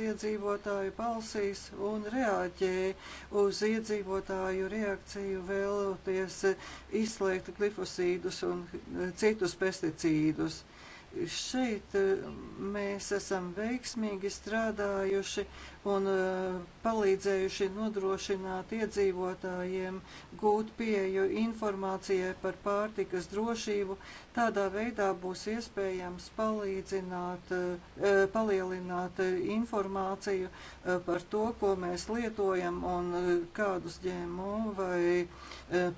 iedzīvotāju balsīs un reaģēja uz iedzīvotāju reakciju vēloties izslēgt glifosīdus un citus pesticīdus. Šeit eh, mēs esam veiksmīgi strādājuši un e, palīdzējuši nodrošināt iedzīvotājiem gūt pieeju informācijai par pārtikas drošību. Tādā veidā būs iespējams e, e, palielināt informāciju par to, ko mēs lietojam un kādus ģēmo vai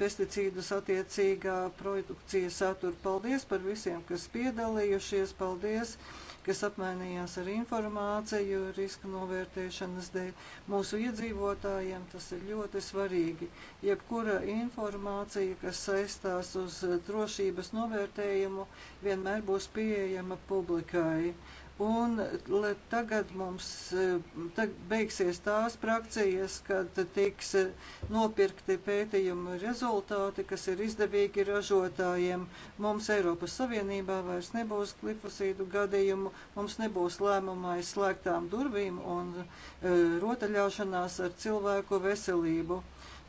pesticīdus attiecīgā produkcija satura. Paldies par visiem, kas piedalījušies. Paldies! kas apmainījās ar informāciju riska novērtēšanas dēļ. Mūsu iedzīvotājiem tas ir ļoti svarīgi. Jebkura informācija, kas saistās uz drošības novērtējumu, vienmēr būs pieejama publikai. Un tagad mums e, tag, beigsies tās prakcijas, kad tiks e, nopirkti pētījumu rezultāti, kas ir izdevīgi ražotājiem. Mums Eiropas Savienībā vairs nebūs glifosīdu gadījumu, mums nebūs lēmumā aizslēgtām durvīm un e, rotaļāšanās ar cilvēku veselību.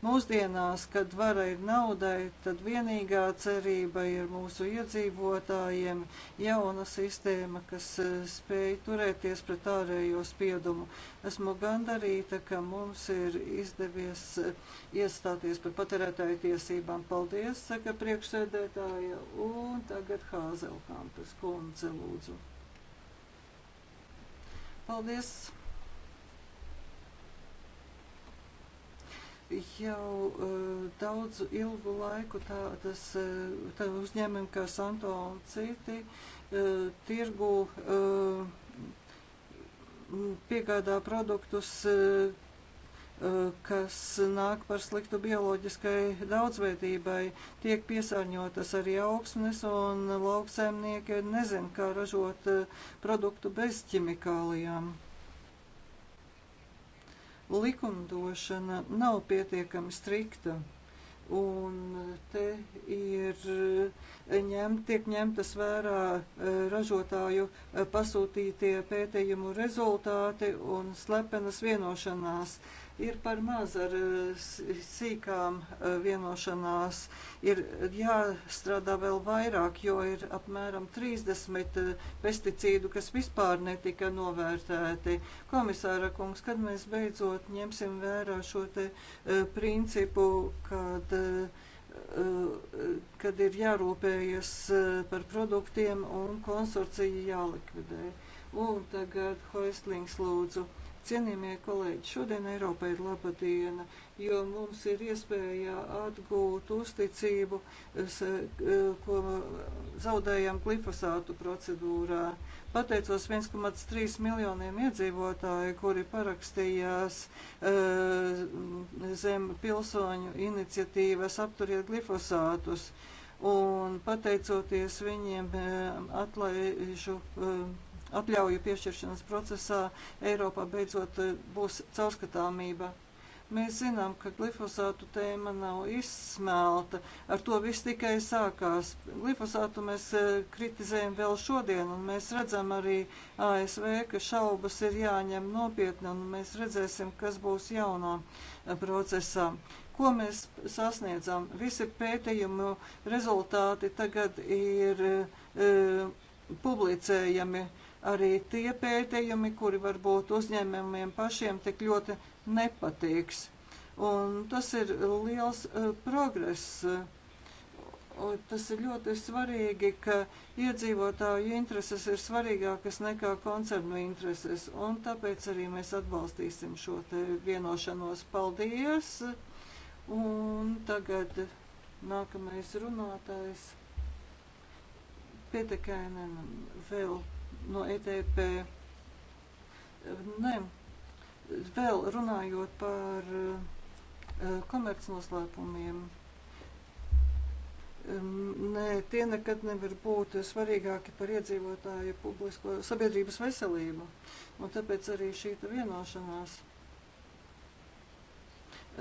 Mūsdienās, kad vara ir naudai, tad vienīgā cerība ir mūsu iedzīvotājiem jauna sistēma, kas eh, spēj turēties pret ārējo spiedumu. Esmu gandarīta, ka mums ir izdevies eh, iestāties par patērētāju tiesībām. Paldies, saka priekšsēdētāja, un tagad Hāzelkampas kundze lūdzu. Paldies! jau uh, daudzu ilgu laiku tā, tas, uh, tā uzņēmumi kā Santo un citi uh, tirgu uh, piegādā produktus, uh, uh, kas nāk par sliktu bioloģiskai daudzveidībai, tiek piesārņotas arī augsnes un lauksēmnieki nezin, kā ražot uh, produktu bez ķimikālijām likumdošana nav pietiekami strikta. Un te ir eh, ņem, tiek ņemtas vērā eh, ražotāju eh, pasūtītie pētījumu rezultāti un slepenas vienošanās. Uh, ir par maz ar eh, sīkām eh, vienošanās. Ir jāstrādā vēl vairāk, jo ir apmēram 30 eh, pesticīdu, kas vispār netika novērtēti. Komisāra kungs, kad mēs beidzot ņemsim vērā šo te principu, kad kad ir jārūpējas par produktiem un konsorcija jālikvidē. Un tagad Hoistlings lūdzu. Uh, Cienījamie kolēģi, šodien Eiropa ir laba diena, jo mums ir iespēja atgūt uzticību, e, ko zaudējām glifosātu procedūrā. Pateicos 1,3 miljoniem iedzīvotāju, kuri parakstījās e, zem pilsoņu iniciatīvas apturiet glifosātus. Un pateicoties viņiem e, atlaižu atļauju piešķiršanas procesā Eiropā beidzot e, būs caurskatāmība. Mēs zinām, ka glifosātu tēma nav izsmelta. Ar to viss tikai sākās. Glifosātu mēs e, kritizējam vēl šodien, un mēs redzam arī ASV, ka šaubas ir jāņem nopietni, un mēs redzēsim, kas būs jaunā e, procesā. Ko mēs sasniedzam? Visi pētījumu rezultāti tagad ir e, publicējami. E, arī tie pētījumi, kuri varbūt uzņēmumiem pašiem tik ļoti nepatiks. Un tas ir liels uh, progress. Un tas ir ļoti svarīgi, ka iedzīvotāju intereses ir svarīgākas nekā koncernu intereses, un tāpēc arī mēs atbalstīsim šo te vienošanos. Paldies! Un tagad nākamais runātājs Pietekainen vēl no ETP. Nē, vēl runājot par eh, komercnoslēpumiem. Nē, tie nekad nevar būt svarīgāki par iedzīvotāju publisko sabiedrības veselību. Un tāpēc arī šī vienošanās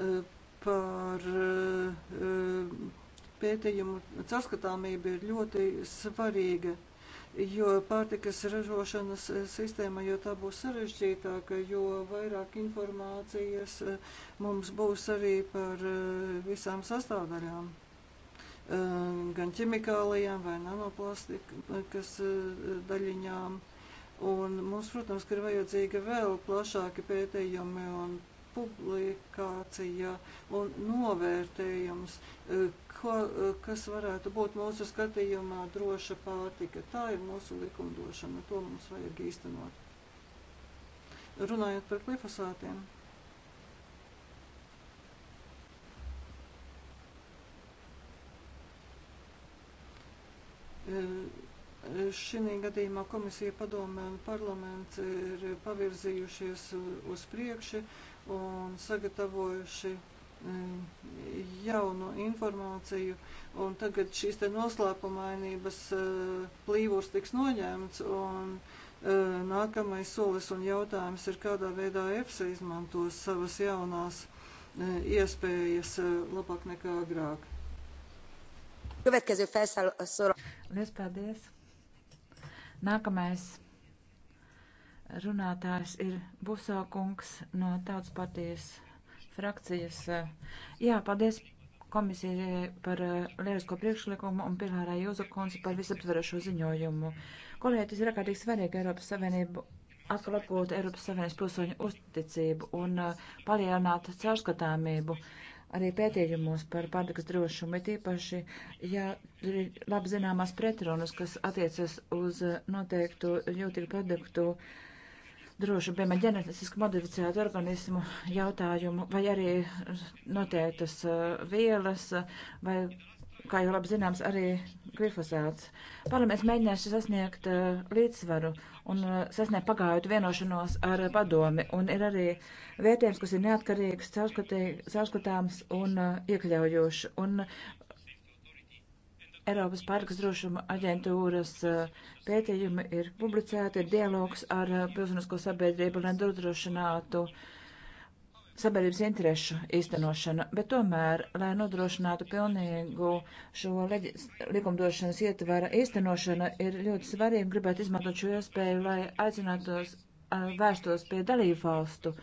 eh, par eh, pētījumu caurskatāmību ir ļoti svarīga jo pārtikas ražošanas e, sistēma, jo tā būs sarežģītāka, jo vairāk informācijas e, mums būs arī par e, visām sastāvdaļām, gan ķimikālijām vai nanoplastikas daļiņām. Un mums, protams, ir vajadzīga vēl plašāki pētījumi un publikācija un novērtējums, ko, eh, kas varētu būt mūsu skatījumā droša pārtika. Tā ir mūsu likumdošana, to mums vajag īstenot. Runājot par glifosātiem. Eh, šī gadījumā komisija padomē un parlaments ir pavirzījušies uz priekšu un sagatavojuši uh, Mm, jaunu informāciju, un tagad šīs te noslēpumainības eh, plīvurs tiks noņemts, un eh, nākamais solis un jautājums ir, kādā veidā EFSA izmantos savas jaunās eh, iespējas labāk nekā agrāk. Lies paldies! Nākamais runātājs ir Busākungs no Tautas partijas frakcijas. Eh, Jā, paldies komisijai par eh, lielisko priekšlikumu un Pilārai Jūzakonsi par visaptverošo ziņojumu. Kolēģi, tas ir ārkārtīgi svarīgi Eiropas Savienību atkal atgūt Eiropas Savienības pilsoņu uzticību un eh, palielināt caurskatāmību arī pētījumos par pārtikas drošumu, ir īpaši, ja ir labi zināmās pretrunas, kas attiecas uz noteiktu jūtīgu produktu uh, droši, piemēram, ģenetiski modificētu organismu jautājumu, vai arī noteiktas uh, vielas, uh, vai, kā jau labi zināms, arī glifosāts. Parlaments mēģinās sasniegt uh, līdzsvaru un sasniegt pagājutu vienošanos ar padomi, un ir arī vērtējums, kas ir neatkarīgs, caurskatāms un iekļaujošs. Un Eiropas pārtikas drošuma aģentūras eh, pētījumi ir publicēti, ir dialogs ar eh, pilsonisko sabiedrību, lai nodrošinātu sabiedrības interešu īstenošanu, bet tomēr, lai nodrošinātu pilnīgu šo likumdošanas ietvara īstenošanu, ir ļoti svarīgi gribēt izmantot šo iespēju, lai aicinātos, eh, vērstos pie dalību valstu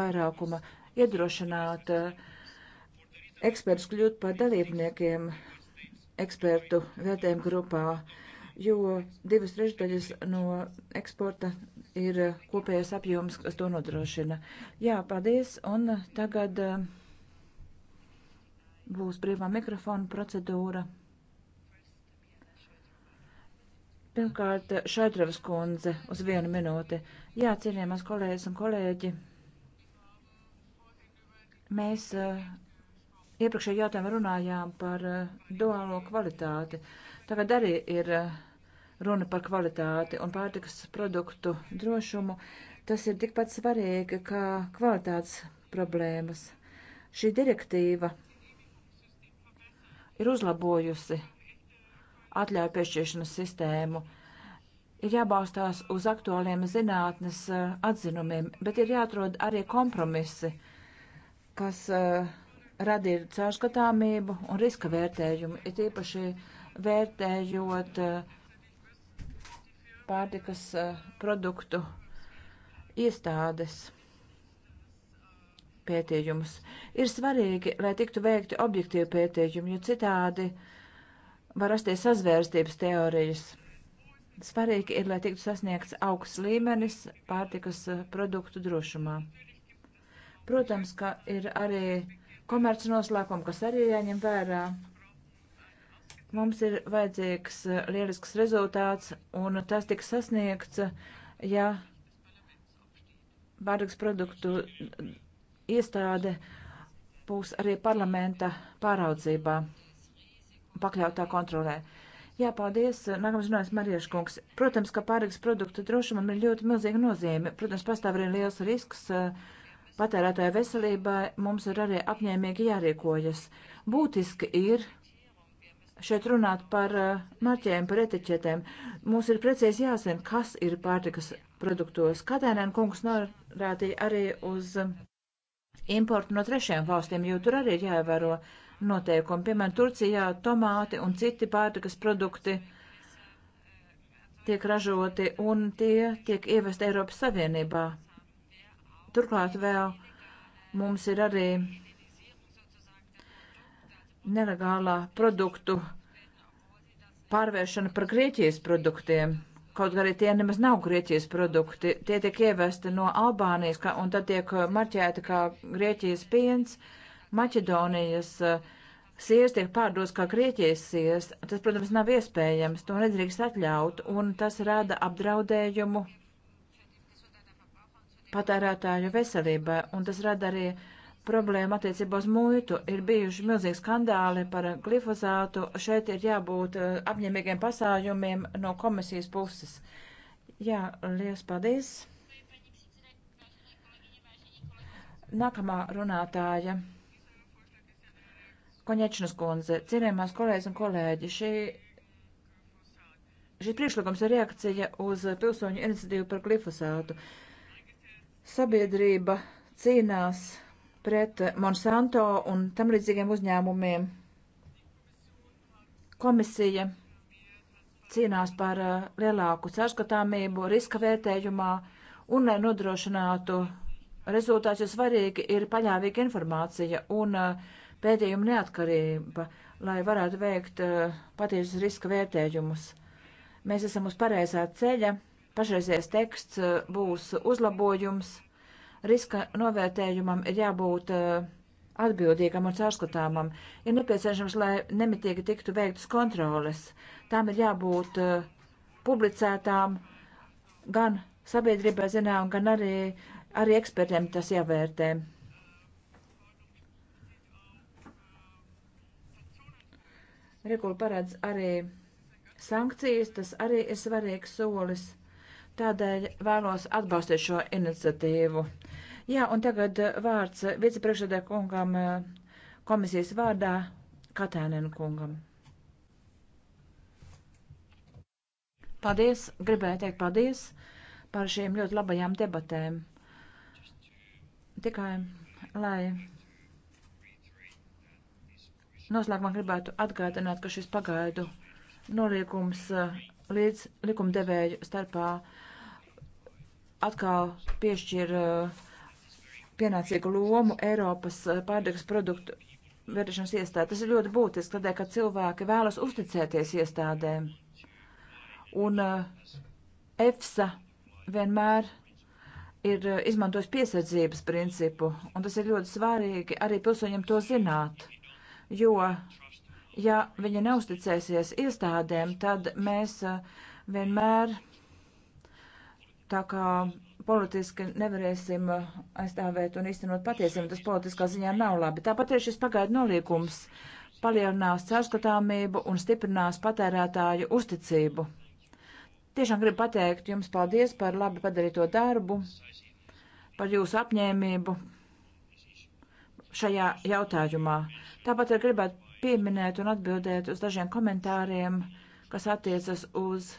vairākuma, iedrošināt ekspertus kļūt par dalībniekiem ekspertu vērtējumu grupā, jo divas trešdaļas no eksporta ir kopējais apjoms, kas to nodrošina. Jā, paldies, un tagad eh, būs brīvā mikrofona procedūra. Pirmkārt, Šaidravas kundze uz vienu minūti. Jā, cienījamās kolēģis un kolēģi, mēs uh, Iepriekšējā jautājumā runājām par eh, duālo kvalitāti. Tagad arī ir eh, runa par kvalitāti un pārtikas produktu drošumu. Tas ir tikpat svarīgi kā kvalitātes problēmas. Šī direktīva ir uzlabojusi atļauju piešķiršanas sistēmu. Ir jābalstās uz aktuāliem zinātnes eh, atzinumiem, bet ir jāatrod arī kompromisi, kas uh, radīja caurskatāmību un riska vērtējumu, ir īpaši vērtējot eh, pārtikas eh, produktu iestādes pētījumus. Ir svarīgi, lai tiktu veikti objektīvi pētījumi, jo citādi var rasties sazvērstības teorijas. Svarīgi ir, lai tiktu sasniegts augsts līmenis pārtikas eh, produktu drošumā. Protams, ka ir arī komerci noslēpumu, kas arī jāņem vērā. Mums ir vajadzīgs eh, lielisks rezultāts, un tas tiks sasniegts, ja pārtiks produktu iestāde būs arī parlamenta pāraudzībā, pakļautā kontrolē. Jā, paldies. Nākamais runājas Marieša kungs. Protams, ka pārtiks produktu drošumam ir ļoti milzīga nozīme. Protams, pastāv arī liels risks. Uh, patērētāja veselībai mums ir arī apņēmīgi jārīkojas. Būtiski ir šeit runāt par eh, marķēm, par etiķetēm. Mums ir precīzi jāzina, kas ir pārtikas produktos. Katēnēn kungs norādīja arī uz importu no trešajām valstīm, jo tur arī ir jāievēro noteikumi. Piemēram, Turcijā tomāti un citi pārtikas produkti tiek ražoti un tie tiek ievest Eiropas Savienībā Turklāt vēl mums ir arī nelegālā produktu pārvēršana par Grieķijas produktiem. Kaut arī tie nemaz nav Grieķijas produkti, tie tiek ievesti no Albānijas kā, un tad tiek uh, marķēti kā Grieķijas piens, Maķedonijas uh, siers tiek pārdos kā Grieķijas siers. Tas, protams, nav iespējams, to nedrīkst atļaut, un tas rada apdraudējumu patērētāju veselībai, un tas rada arī problēmu attiecībā uz muitu. Ir bijuši milzīgi skandāli par glifozātu. Šeit ir jābūt eh, apņemīgiem pasājumiem no komisijas puses. Jā, liels paldies. Nākamā runātāja. Koņečnas kundze, cienījumās kolēģis un kolēģi, šī Šis priekšlikums ir reakcija uz pilsoņu iniciatīvu par glifosātu. Sabiedrība cīnās pret Monsanto un tam līdzīgiem uzņēmumiem. Komisija cīnās par eh, lielāku caurskatāmību riska vērtējumā un, lai eh, nodrošinātu rezultāts, jo svarīgi ir paļāvīga informācija un eh, pētījuma neatkarība, lai varētu veikt patiesas riska vērtējumus. Mēs esam uz pareizā ceļa pašreizējais teksts eh, būs uzlabojums. Riska novērtējumam ir jābūt eh, atbildīgam un caurskatāmam. Ir nepieciešams, lai nemitīgi tiktu veiktas kontroles. Tām ir jābūt eh, publicētām gan sabiedrībā zinām, gan arī, arī ekspertiem tas jāvērtē. Regula paredz arī sankcijas, tas arī ir svarīgs solis. Tādēļ vēlos atbalstīt šo iniciatīvu. Jā, un tagad vārds vicepriekšsēdē kungam komisijas vārdā Katēnen kungam. Paldies, gribēju teikt paldies par šīm ļoti labajām debatēm. Tikai, lai noslēgumā gribētu atgādināt, ka šis pagaidu noliekums eh, līdz likumdevēju starpā uh, atkal piešķir eh, pienācīgu lomu Eiropas eh, pārdagas produktu vēršanas iestādē. Tas ir ļoti būtiski, tādēļ, ka cilvēki vēlas uzticēties iestādēm. Un eh, EFSA vienmēr ir izmantojis piesardzības principu, un tas ir ļoti svarīgi arī pilsoņiem to zināt, jo, ja viņi neusticēsies iestādēm, tad mēs vienmēr Tā kā politiski nevarēsim uh, aizstāvēt un īstenot patiesību, tas politiskā ziņā nav labi. Tāpat ir šis pagaidu nolīkums palielinās caurskatāmību un stiprinās patērētāju uzticību. Tiešām gribu pateikt jums paldies par labi padarīto darbu, par jūsu apņēmību šajā jautājumā. Tāpat arī gribētu pieminēt un atbildēt uz dažiem komentāriem, kas attiecas uz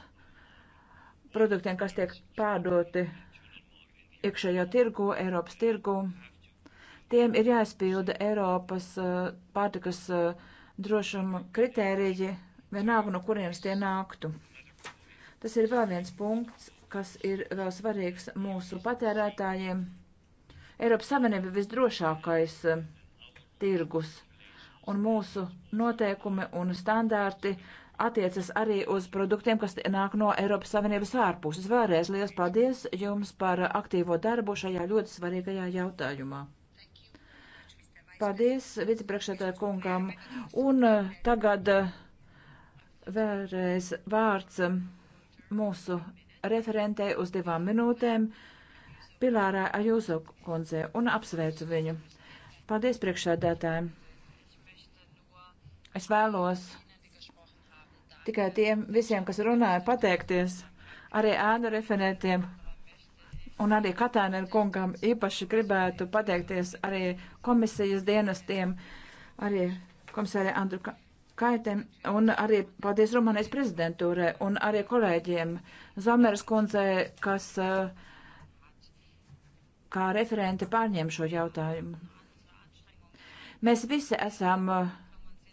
produktiem, kas tiek pārdoti iekšējo tirgu, Eiropas tirgu, tiem ir jāizpilda Eiropas eh, pārtikas eh, drošuma kritēriji, vienalga no kurienes tie nāktu. Tas ir vēl viens punkts, kas ir vēl svarīgs mūsu patērētājiem. Eiropas Savienība ir visdrošākais eh, tirgus, un mūsu noteikumi un standārti attiecas arī uz produktiem, kas nāk no Eiropas Savienības ārpuses. Vēlreiz liels paldies jums par aktīvo darbu šajā ļoti svarīgajā jautājumā. Paldies vicepriekšētāju kungam. Un eh, tagad eh, vēlreiz vārds eh, mūsu referentei uz divām minūtēm Pilārā Ajūzo kundze un apsveicu viņu. Paldies priekšsēdētājiem. Es vēlos tikai tiem visiem, kas runāja, pateikties arī ēnu referentiem un arī Katāneru kungam īpaši gribētu pateikties arī komisijas dienestiem, arī komisāri Andru Kaiten un arī paldies Rumānijas prezidentūrai un arī kolēģiem Zomeras kundzei, kas eh, kā referente pārņem šo jautājumu. Mēs visi esam uh,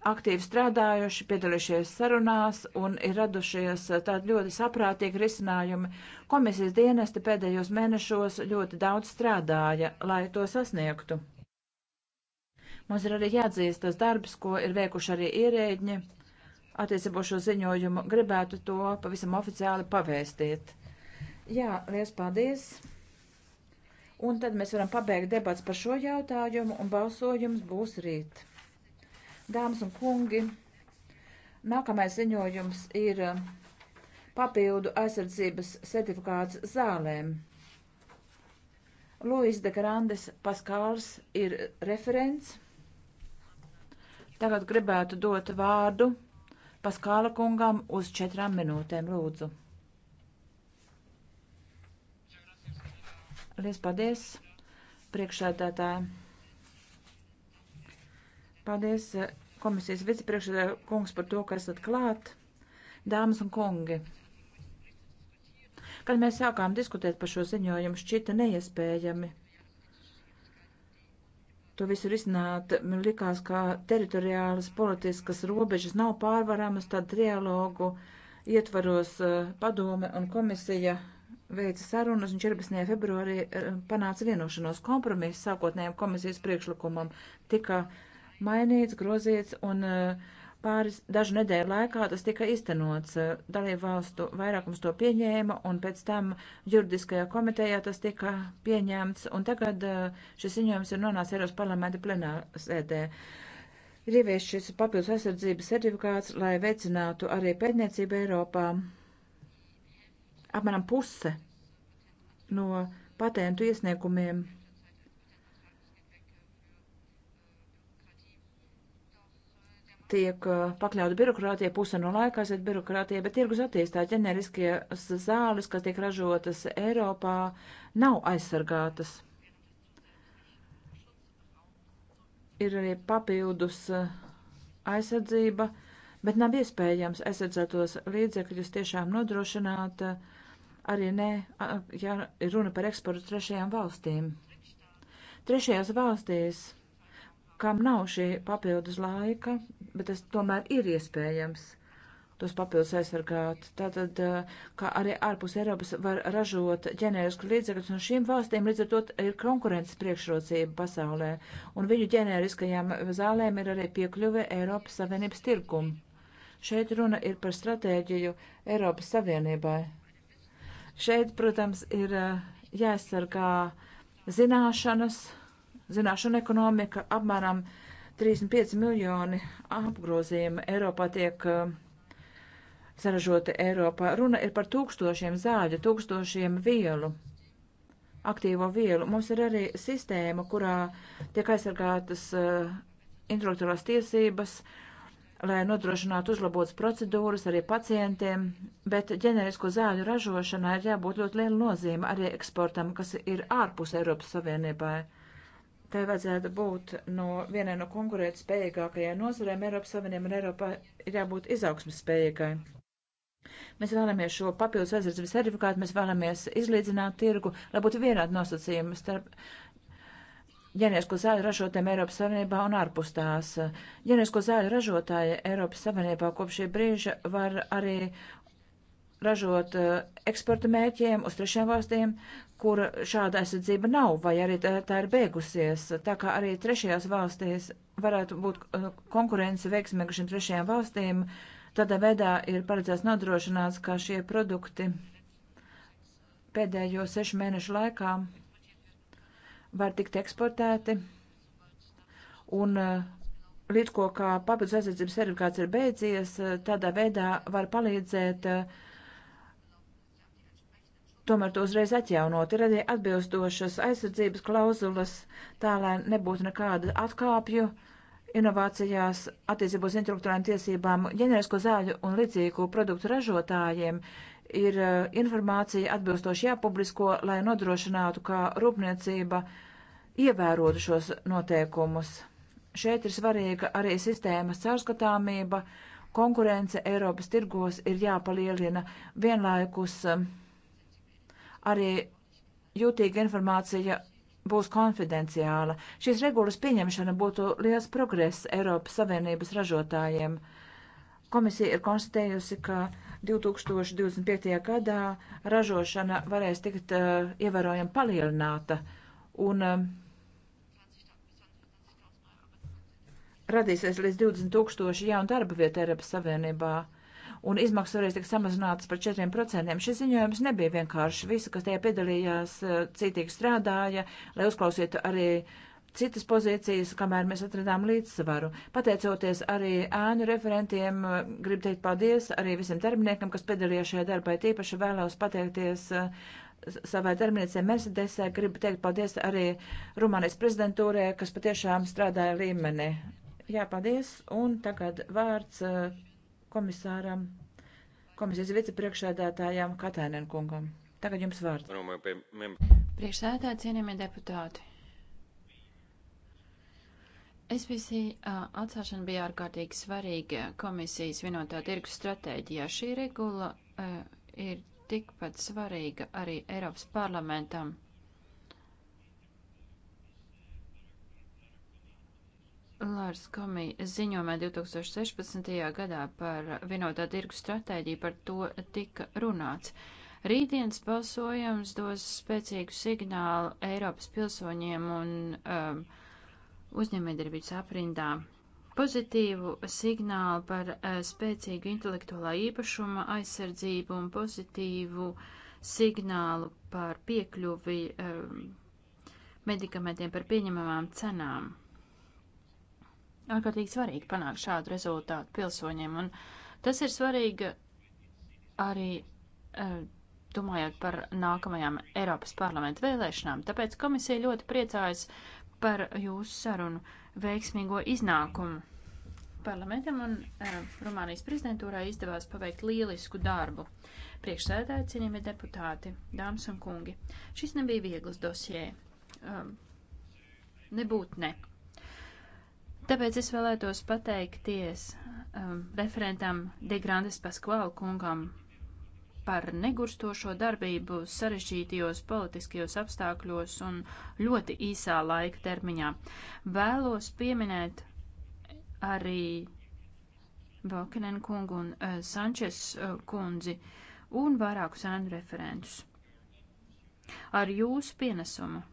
aktīvi strādājuši, piedalījušies sarunās un ir radušies eh, tādi ļoti saprātīgi risinājumi. Komisijas dienesti pēdējos mēnešos ļoti daudz strādāja, lai to sasniegtu. Mums ir arī jāatzīst tas darbs, ko ir veikuši arī ierēģi. Attiecībā šo ziņojumu gribētu to pavisam oficiāli pavēstīt. Jā, liels paldies! Un tad mēs varam pabeigt debats par šo jautājumu, un balsojums būs rīt. Dāmas un kungi, nākamais ziņojums ir um, papildu aizsardzības certifikāts zālēm. Luis de Grandes Paskāls ir referents. Tagad gribētu dot vārdu Paskāla kungam uz četrām minūtēm, lūdzu. Lies paldies, priekšsēdētāji. Paldies eh, komisijas vicepriekšsēdē kungs par to, ka esat klāt. Dāmas un kungi, kad mēs sākām diskutēt par šo ziņojumu, šķita neiespējami. To visu risināt, man likās, ka teritoriālas politiskas robežas nav pārvaramas, tad trialogu ietvaros eh, padome un komisija veica sarunas un 14. februārī eh, panāca vienošanos kompromisu sākotnējiem komisijas priekšlikumam. Tika uh, mainīts, grozīts un eh, pāris dažu nedēļu laikā tas tika iztenots. Eh, dalību valstu vairākums to pieņēma un pēc tam juridiskajā komitejā tas tika pieņemts un tagad eh, šis ziņojums ir nonācis Eiropas parlamenta plenārsēdē. Ir ievies šis papildus aizsardzības certifikāts, lai veicinātu arī pētniecību Eiropā. Apmēram puse no patentu iesniegumiem tiek uh, pakļauti birokrātie, puse no laika aiziet birokrātie, bet tirgus attīstās ģeneriskie zāles, kas tiek ražotas Eiropā, nav aizsargātas. Ir arī papildus uh, aizsardzība, bet nav iespējams aizsardzētos līdzekļus tiešām nodrošināt, uh, arī ne, ja runa par eksportu trešajām valstīm. Trešajās valstīs kam nav šī papildus laika, bet tas tomēr ir iespējams tos papildus aizsargāt. Tātad, eh, kā arī ārpus Eiropas var ražot ģenērisku līdzekļus, un šīm valstīm līdz ar to ir konkurences priekšrocība pasaulē, un viņu ģenēriskajām zālēm ir arī piekļuve Eiropas Savienības tirkumu. Šeit runa ir par stratēģiju Eiropas Savienībai. Šeit, protams, ir eh, jāaizsargā zināšanas, zināšanu ekonomika apmēram 35 miljoni apgrozījuma Eiropā tiek uh, saražoti Eiropā. Runa ir par tūkstošiem zāļu, tūkstošiem vielu, aktīvo vielu. Mums ir arī sistēma, kurā tiek aizsargātas uh, intelektuālās tiesības, lai nodrošinātu uzlabotas procedūras arī pacientiem, bet ģenerisko zāļu ražošanai ir jābūt ļoti liela nozīme arī eksportam, kas ir ārpus Eiropas Savienībai tai vajadzētu būt no vienai no konkurētspējīgākajai nozarēm Eiropas Savienībā un Eiropā ir jābūt izaugsmas spējīgai. Mēs vēlamies šo papildus aizsardzības certifikātu, mēs vēlamies izlīdzināt tirgu, lai būtu vienādi nosacījumi starp ģenēsko zāļu ražotājiem Eiropas Savienībā un ārpus tās. Ģenēsko zāļu ražotāji Eiropas Savienībā kopš šī brīža var arī ražot eh, eksporta mērķiem uz trešiem valstīm, kur šāda aizsardzība nav, vai arī tā, tā ir beigusies. Tā kā arī trešajās valstīs varētu būt eh, konkurence veiksmīga šīm trešajām valstīm, tādā veidā ir paredzēts nodrošināts, ka šie produkti pēdējo sešu mēnešu laikā var tikt eksportēti un eh, līdz ko kā papildus aizsardzības sertifikāts ir beidzies, tādā veidā var palīdzēt uh, tomēr to uzreiz atjaunot. Ir arī atbilstošas aizsardzības klauzulas, tā lai nebūtu nekāda atkāpju inovācijās attiecībos intelektuālajām tiesībām ģenerisko zāļu un līdzīgu produktu ražotājiem ir eh, informācija atbilstoši jāpublisko, lai nodrošinātu, ka rūpniecība ievērotu šos noteikumus. Šeit ir svarīga arī sistēmas caurskatāmība, konkurence Eiropas tirgos ir jāpalielina vienlaikus. Uh, arī jūtīga informācija būs konfidenciāla. Šīs regulas pieņemšana būtu liels progress Eiropas Savienības ražotājiem. Komisija ir konstatējusi, ka 2025. gadā ražošana varēs tikt uh, ievērojami palielināta un uh, radīsies līdz 20 tūkstoši jaunu darba vietu Eiropas Savienībā. Uh, un izmaksas arī tika samazinātas par 4%. Šis ziņojums nebija vienkārši. Visi, kas tajā piedalījās, eh, cītīgi strādāja, lai uzklausītu arī citas pozīcijas, kamēr mēs atradām līdzsvaru. Pateicoties arī ēnu referentiem, eh, gribu teikt paldies arī visiem darbiniekam, kas piedalījās šajā darbā. Tīpaši vēlos pateikties eh, savai darbiniecei Mercedesē, gribu teikt paldies arī Rumānijas prezidentūrē, kas patiešām strādāja līmeni. Jā, paldies, un tagad vārds komisāram, komisijas vicepriekšsēdētājām Katēnen kungam. Tagad jums vārds. Priekšsēdētāji, cienījamie deputāti. SBC atcelšana bija ārkārtīgi svarīga komisijas vienotā tirgus stratēģijā. Šī regula uh, ir tikpat svarīga arī Eiropas parlamentam. Lārs Komija ziņojumā 2016. gadā par vienotā tirgu stratēģiju par to tika runāts. Rītdienas balsojums dos spēcīgu signālu Eiropas pilsoņiem un um, uzņēmējdarbības aprindām pozitīvu signālu par uh, spēcīgu intelektuālā īpašuma aizsardzību un pozitīvu signālu par piekļuvi um, medikamentiem par pieņemamām cenām ārkārtīgi svarīgi panākt šādu rezultātu pilsoņiem, un tas ir svarīgi arī e, domājot par nākamajām Eiropas parlamenta vēlēšanām. Tāpēc komisija ļoti priecājas par jūsu sarunu veiksmīgo iznākumu. Parlamentam un uh, Rumānijas prezidentūrai izdevās paveikt lielisku darbu. Priekšsēdētāji, cienījamie deputāti, dāmas un kungi, šis nebija viegls dosjē. Um, e, nebūt ne. Tāpēc es vēlētos pateikties um, referentam Degrandes Paskvalu kungam par negurstošo darbību sarežģītajos politiskajos apstākļos un ļoti īsā laika termiņā. Vēlos pieminēt arī Balkanen kungu un uh, Sančes uh, kundzi un vairākus ēnu referentus. Ar jūsu pienesumu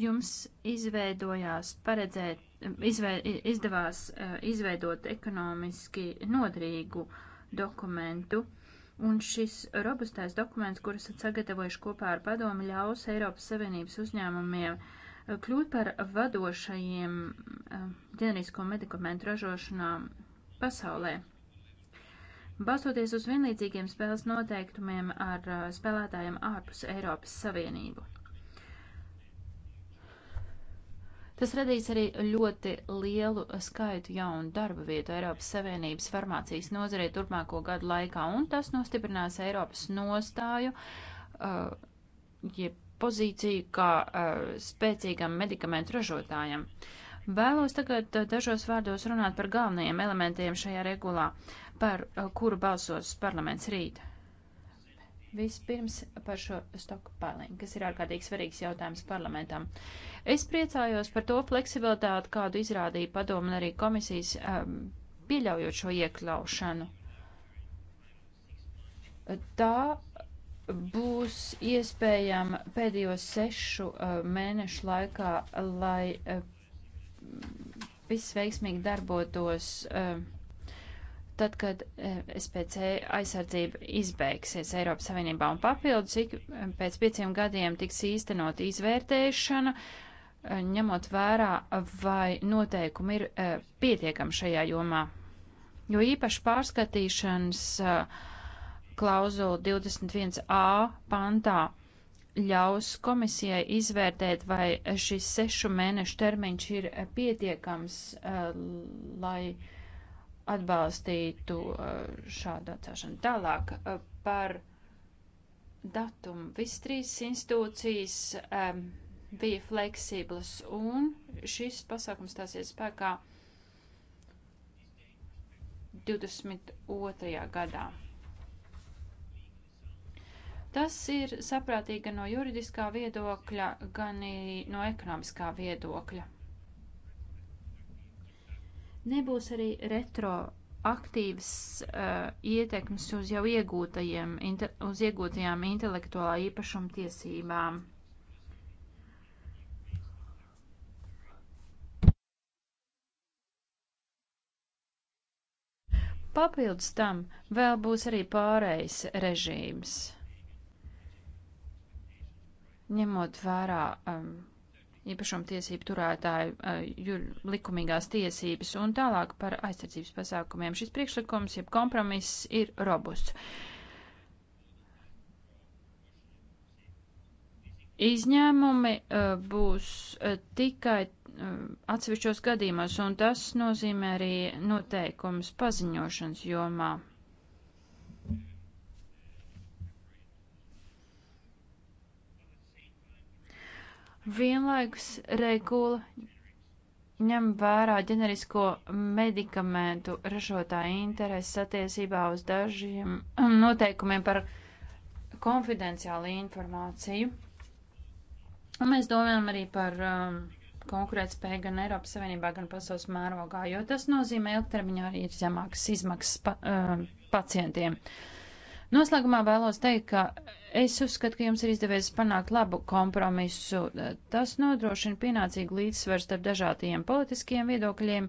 jums izveidojās paredzēt, izvei, izdevās eh, izveidot ekonomiski nodrīgu dokumentu, un šis robustais dokuments, kuru esat sagatavojuši kopā ar padomu, ļaus Eiropas Savienības uzņēmumiem eh, kļūt par vadošajiem eh, ģenerisko medikamentu ražošanā pasaulē. Balstoties uz vienlīdzīgiem spēles noteikumiem ar spēlētājiem ārpus Eiropas Savienību. Tas radīs arī ļoti lielu skaitu jaunu darba vietu Eiropas Savienības farmācijas nozarē turpmāko gadu laikā, un tas nostiprinās Eiropas nostāju, uh, jeb pozīciju kā uh, spēcīgam medikamentu ražotājam. Vēlos tagad uh, dažos vārdos runāt par galvenajiem elementiem šajā regulā, par uh, kuru balsos parlaments rīt. Vispirms par šo stockpiling, kas ir ārkārtīgi svarīgs jautājums parlamentam. Es priecājos par to fleksibilitāti, kādu izrādīja padomu un arī komisijas um, pieļaujot šo iekļaušanu. Tā būs iespējama pēdējo sešu uh, mēnešu laikā, lai uh, viss veiksmīgi darbotos. Uh, tad, kad e, SPC aizsardzība izbeigsies Eiropas Savienībā un papildus, ik e, pēc pieciem gadiem tiks īstenot izvērtēšana, e, ņemot vērā, vai noteikumi ir pietiekami šajā jomā. Jo īpaši pārskatīšanas klauzula 21a pantā ļaus komisijai izvērtēt, vai šis sešu mēnešu termiņš ir pietiekams, lai atbalstītu eh, šādu atcelšanu. Tālāk eh, par datumu. Viss trīs institūcijas um, bija fleksiblas un šis pasākums stāsies spēkā 22. gadā. Tas ir saprātīgi gan no juridiskā viedokļa, gan no ekonomiskā viedokļa. Nebūs arī retroaktīvas uh, ietekmes uz jau iegūtajiem, inte, uz iegūtajām intelektuālā īpašuma tiesībām. Papildus tam vēl būs arī pārējais režīms, ņemot vērā um, īpašumtiesību turētāju likumīgās tiesības un tālāk par aizsardzības pasākumiem. Šis priekšlikums, jeb kompromiss, ir robusts. Izņēmumi būs tikai atsevišķos gadījumos, un tas nozīmē arī noteikums paziņošanas jomā. Vienlaikus regula ņem vērā ģenerisko medikamentu ražotāju intereses attiecībā uz dažiem noteikumiem par konfidenciālu informāciju. Un mēs domājam arī par um, konkurētspēju gan Eiropas Savienībā, gan pasaules mērogā, jo tas nozīmē ilgtermiņā arī ir zemākas izmaksas pa, um, pacientiem. Uh, Noslēgumā vēlos teikt, ka es uzskatu, ka jums ir izdevies panākt labu kompromisu. Tas nodrošina pienācīgu līdzsvaru starp dažādiem politiskiem viedokļiem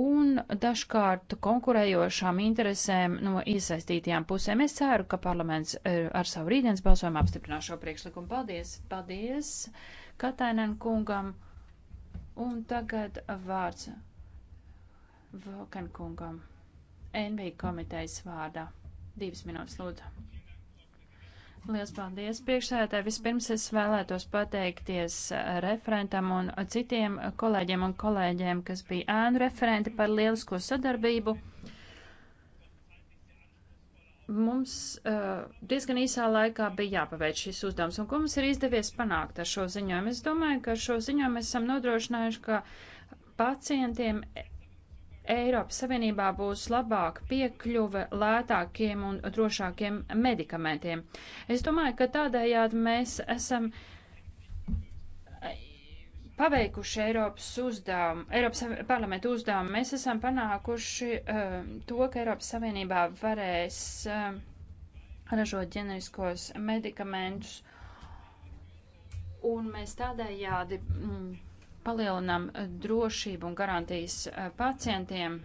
un dažkārt konkurējošām interesēm no iesaistītajām pusēm. Es ceru, ka parlaments e, ar savu rītdienas balsojumu apstiprinās šo priekšlikumu. Paldies! Paldies Katainen kungam! Un tagad vārds Vokan kungam. NV komitejas vārdā. Divas minūtes, lūdzu. Lielas paldies priekšsēdētāji. Vispirms es vēlētos pateikties eh, referentam un citiem kolēģiem un kolēģiem, kas bija ēnu referenti par lielisko sadarbību mums uh, diezgan īsā laikā bija jāpaveic šis uzdevums, un ko mums ir izdevies panākt ar šo ziņojumu? Es domāju, ka ar šo ziņojumu mēs esam nodrošinājuši, ka pacientiem Eiropas Savienībā būs labāka piekļuve lētākiem un drošākiem medikamentiem. Es domāju, ka tādējādi mēs esam paveikuši Eiropas uzdevumu, Eiropas parlamentu uzdevumu. Mēs esam panākuši uh, to, ka Eiropas Savienībā varēs uh, ražot ģeneriskos medikamentus, un mēs tādējādi. Mm, palielinām eh, drošību un garantijas eh, pacientiem,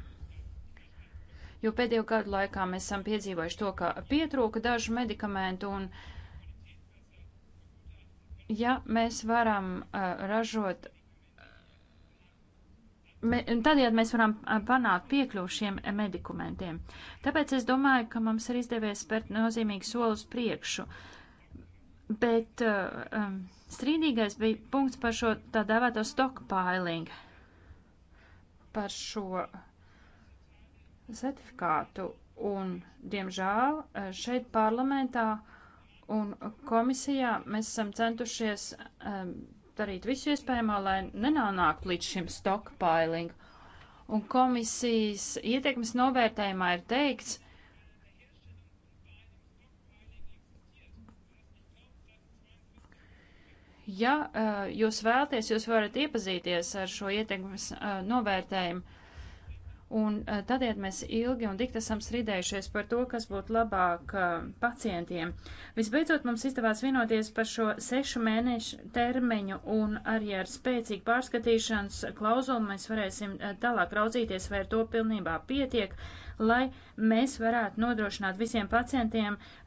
jo pēdējo gadu laikā mēs esam piedzīvojuši to, ka pietrūka dažu medikamentu un, ja mēs varam eh, ražot Tādējādi mēs varam panākt piekļuvu šiem medikamentiem. Tāpēc es domāju, ka mums ir izdevies spērt nozīmīgu soli uz priekšu. Uh, Bet uh, um, strīdīgais bija punkts par šo tā dēvēto stockpiling, par šo certifikātu. Un, diemžēl, uh, šeit parlamentā un komisijā mēs esam centušies um, darīt visu iespējamo, lai nenonāktu līdz šim stockpiling. Un komisijas ietekmes novērtējumā ir teikts, uh, Ja eh, jūs vēlaties, jūs varat iepazīties ar šo ietekmes eh, novērtējumu. Un eh, tādēļ mēs ilgi un dikti esam strīdējušies par to, kas būtu labāk uh, pacientiem. Visbeidzot, mums izdevās vienoties par šo sešu mēnešu termiņu un arī ar spēcīgu pārskatīšanas klauzulu mēs varēsim eh, tālāk raudzīties, vai ar to pilnībā pietiek, lai mēs varētu nodrošināt visiem pacientiem uh,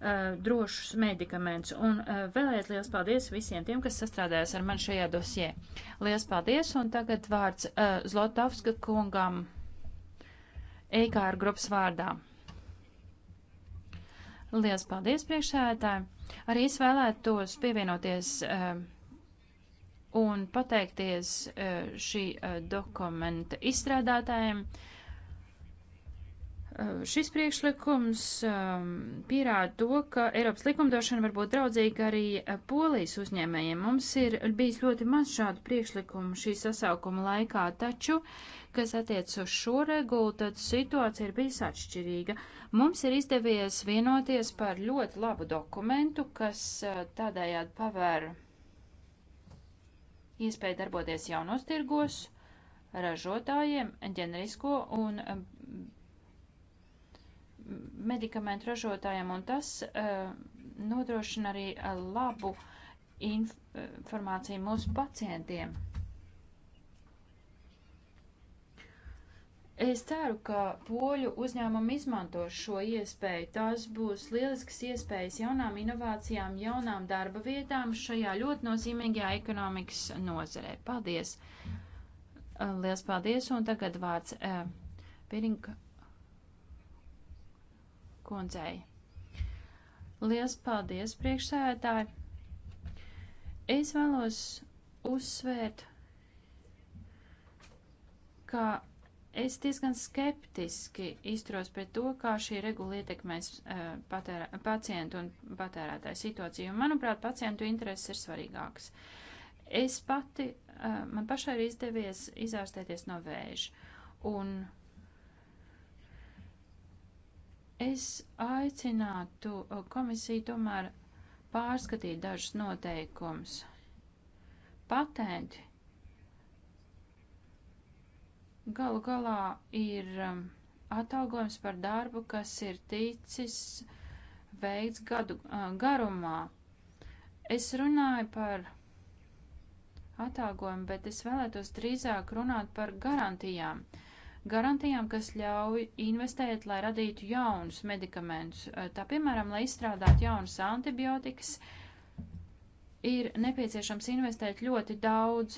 drošus medikamentus. Un uh, vēlreiz liels paldies visiem tiem, kas sastrādājās ar mani šajā dosjē. Liels paldies, un tagad vārds uh, Zlotovska kungam. EKR grupas vārdā. Lielas paldies priekšsēdētāji. Arī es vēlētos pievienoties uh, un pateikties uh, šī uh, dokumenta izstrādātājiem. Uh, Eh, šis priekšlikums ehm, pierāda to, ka Eiropas likumdošana var būt draudzīga arī eh, polijas uzņēmējiem. Mums ir bijis ļoti maz šādu priekšlikumu šī sasaukuma laikā, taču, kas attiec uz šo regulu, tad situācija ir bijis atšķirīga. Mums ir izdevies vienoties par ļoti labu dokumentu, kas eh, tādējādi pavēra iespēju darboties jaunos tirgos ražotājiem ģenerisko un medikamentu ražotājiem, un tas uh, nodrošina arī eh, labu inf informāciju mūsu pacientiem. Es ceru, ka poļu uzņēmumi izmantos šo iespēju. Tās būs lielisks iespējas jaunām inovācijām, jaunām darba vietām šajā ļoti nozīmīgajā ekonomikas nozarē. Paldies! Lielas paldies, un tagad vārds uh, Pirinka kundzei. Liels paldies, priekšsēdētāji! Es vēlos uzsvērt, ka es diezgan skeptiski izturos pret to, kā šī regula ietekmēs uh, eh, patērā, pacientu un patērētāju situāciju. Un, manuprāt, pacientu intereses ir svarīgākas. Es pati, uh, man pašai ir izdevies izārstēties no vēža. Un Es aicinātu komisiju tomēr pārskatīt dažus noteikumus. Patenti galu galā ir um, atalgojums par darbu, kas ir ticis veikts gadu garumā. Es runāju par atalgojumu, bet es vēlētos drīzāk runāt par garantijām. Uh, garantijām, kas ļauj investēt, lai radītu jaunus medikamentus. Tā piemēram, lai izstrādātu jaunas antibiotikas, ir nepieciešams investēt ļoti daudz,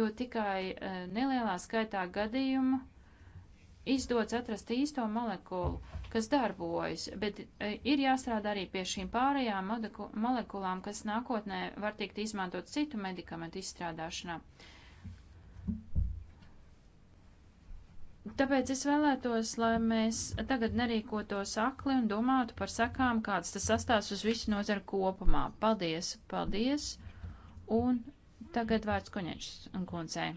jo tikai nelielā skaitā gadījumu izdodas atrast īsto molekulu, kas darbojas, bet ir jāstrādā arī pie šīm pārējām molekulām, kas nākotnē var tikt izmantot citu medikamentu izstrādāšanā. Uh, Tāpēc es vēlētos, lai mēs tagad nerīkotos akli un domātu par sakām, kāds tas sastās uz visu nozaru kopumā. Paldies, paldies! Un tagad vārds Koņečs un kundzei.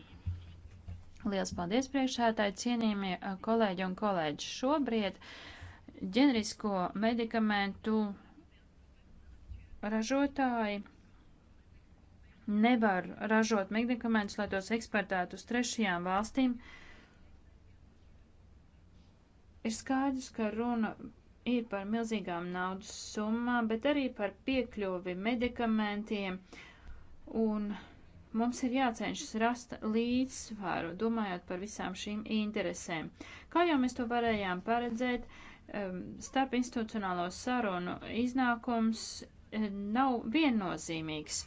Liels paldies priekšētāji, cienījamie kolēģi un kolēģi. Šobrīd ģenerisko medikamentu ražotāji nevar ražot medikamentus, lai tos eksportētu uz trešajām valstīm. Uh, Ir skaidrs, ka runa ir par milzīgām naudas summām, bet arī par piekļuvi medikamentiem, un mums ir jācenšas rast līdzsvaru, domājot par visām šīm interesēm. Kā jau mēs to varējām paredzēt, starp institucionālo sarunu iznākums eh, nav viennozīmīgs.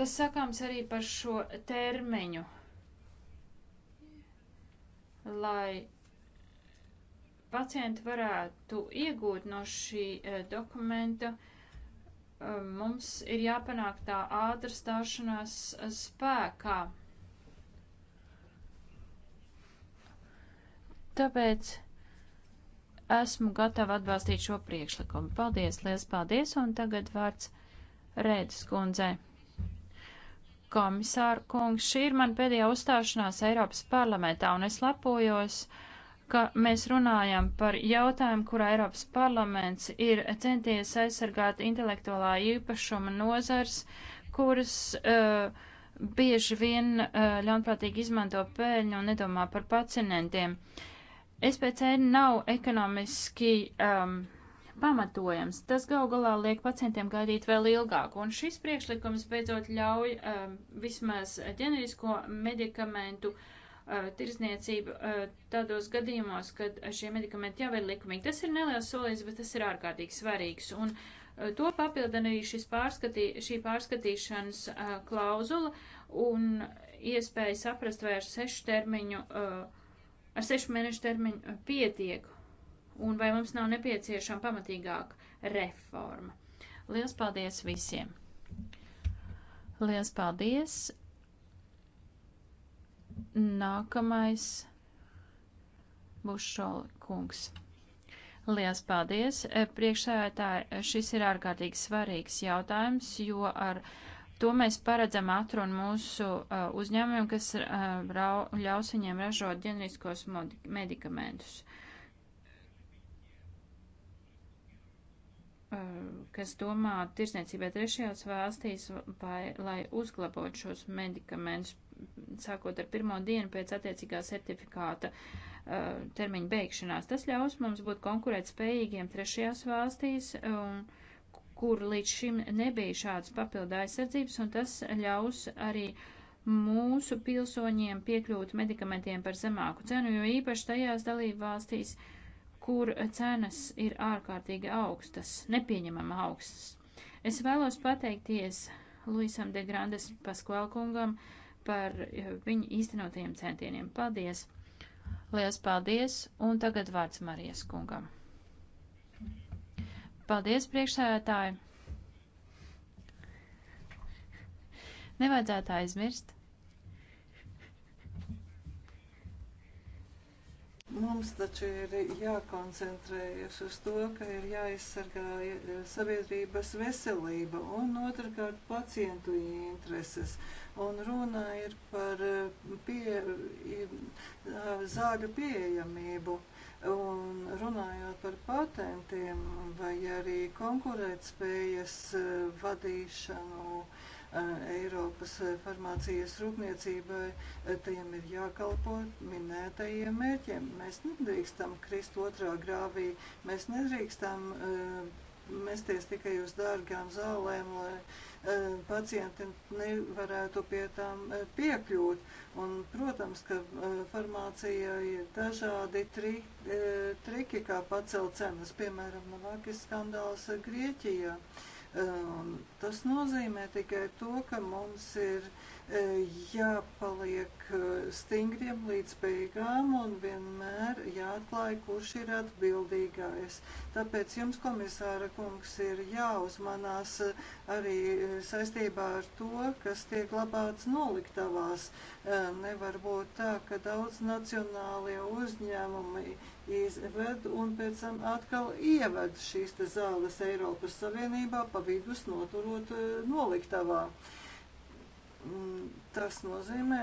Tas sakāms arī par šo termiņu, lai pacienti varētu iegūt no šī e, dokumenta, e, mums ir jāpanāk tā ātra stāšanās e, spēkā. Tāpēc esmu gatava atbalstīt šo priekšlikumu. Paldies, liels paldies, un tagad vārds Rēdas kundzei. Komisāra kungs, šī ir man pēdējā uzstāšanās Eiropas parlamentā, un es lepojos, uh, ka mēs runājam par jautājumu, kurā Eiropas parlaments ir centies aizsargāt intelektuālā īpašuma nozars, kuras uh, bieži vien uh, ļaunprātīgi izmanto pēļņu un nedomā par pacientiem. SPC nav ekonomiski um, pamatojams. Tas gal galā liek pacientiem gaidīt vēl ilgāk, un šis priekšlikums beidzot ļauj um, vismaz ģenerisko medikamentu uh, tirzniecību tādos gadījumos, kad šie medikamenti jau ir likumīgi. Tas ir neliels solis, bet tas ir ārkārtīgi svarīgs. Un to papildina arī pārskatī, šī pārskatīšanas klauzula un iespēja saprast, vai ar sešu termiņu, ar sešu mēnešu termiņu pietiek un vai mums nav nepieciešama pamatīgāka reforma. Liels paldies visiem! Liels paldies! Nākamais būs Šoli kungs. Lielas paldies! E, priekšsēdētāji, e, šis ir ārkārtīgi svarīgs jautājums, jo ar to mēs paredzam atrunu mūsu uh, uzņēmumiem, kas uh, rau, ļaus viņiem ražot ģeneriskos medikamentus, uh, kas domā tirsniecībai trešajās valstīs, vai, lai uzglabot šos medikamentus sākot ar pirmo dienu pēc attiecīgā certifikāta uh, termiņa beigšanās. Tas ļaus mums būt konkurēt spējīgiem trešajās valstīs, um, kur līdz šim nebija šādas papildu aizsardzības, un tas ļaus arī mūsu pilsoņiem piekļūt medikamentiem par zemāku cenu, jo īpaši tajās dalību valstīs, kur cenas ir ārkārtīgi augstas, nepieņemama augstas. Es vēlos pateikties Luisam de Grandes Paskvalkungam, uh, par eh, viņu īstenotajiem centieniem. Paldies! Lielas paldies! Un tagad vārds Marijas kungam. Paldies, priekšsēdētāji! Nevajadzētu aizmirst, Mums taču ir jākoncentrējas uz to, ka ir jāizsargā eh, sabiedrības veselība un otrkārt pacientu intereses. Un runa ir par eh, pie, zāļu pieejamību. Un runājot par patentiem vai arī konkurētspējas eh, vadīšanu, uh, Eiropas farmācijas rūpniecībai, tiem ir jākalpo minētajiem mērķiem. Mēs nedrīkstam krist otrā grāvī, mēs nedrīkstam mesties tikai uz dārgām zālēm, lai uh, pacienti nevarētu pie tām uh, piekļūt. Un, protams, ka uh, farmācijā ir dažādi tri, triki, kā pacelt cenas, piemēram, Navakis skandāls Grieķijā. Uh, Um, tas nozīmē tikai to, ka mums ir jāpaliek eh, stingriem līdz beigām un vienmēr jāatklāj, kurš ir atbildīgais. Tāpēc jums, komisāra kungs, ir jāuzmanās eh, arī eh, saistībā ar to, kas tiek labāts noliktavās. Nevar būt tā, ka daudz nacionālie uzņēmumi izved un pēc tam atkal ieved šīs zāles Eiropas Savienībā pa vidus noturot noliktavā. Uh, Tas nozīmē,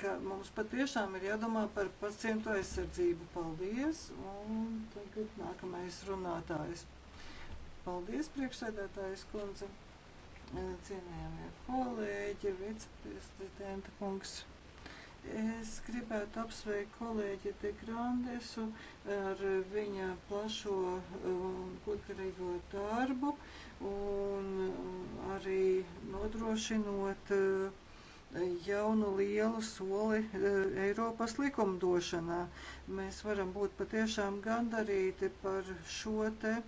ka mums patiešām ir jādomā par pacientu aizsardzību. Paldies! Un tagad nākamais runātājs. Paldies, priekšsēdētājs kundze! Cienējamie kolēģi, viceprezidenta kungs! Es gribētu apsveikt kolēģi De Grandesu ar viņa plašo un um, likarīgo darbu. Uh, un um, arī nodrošinot uh, jaunu lielu soli uh, Eiropas likumdošanā. Mēs varam būt patiešām gandarīti par šo te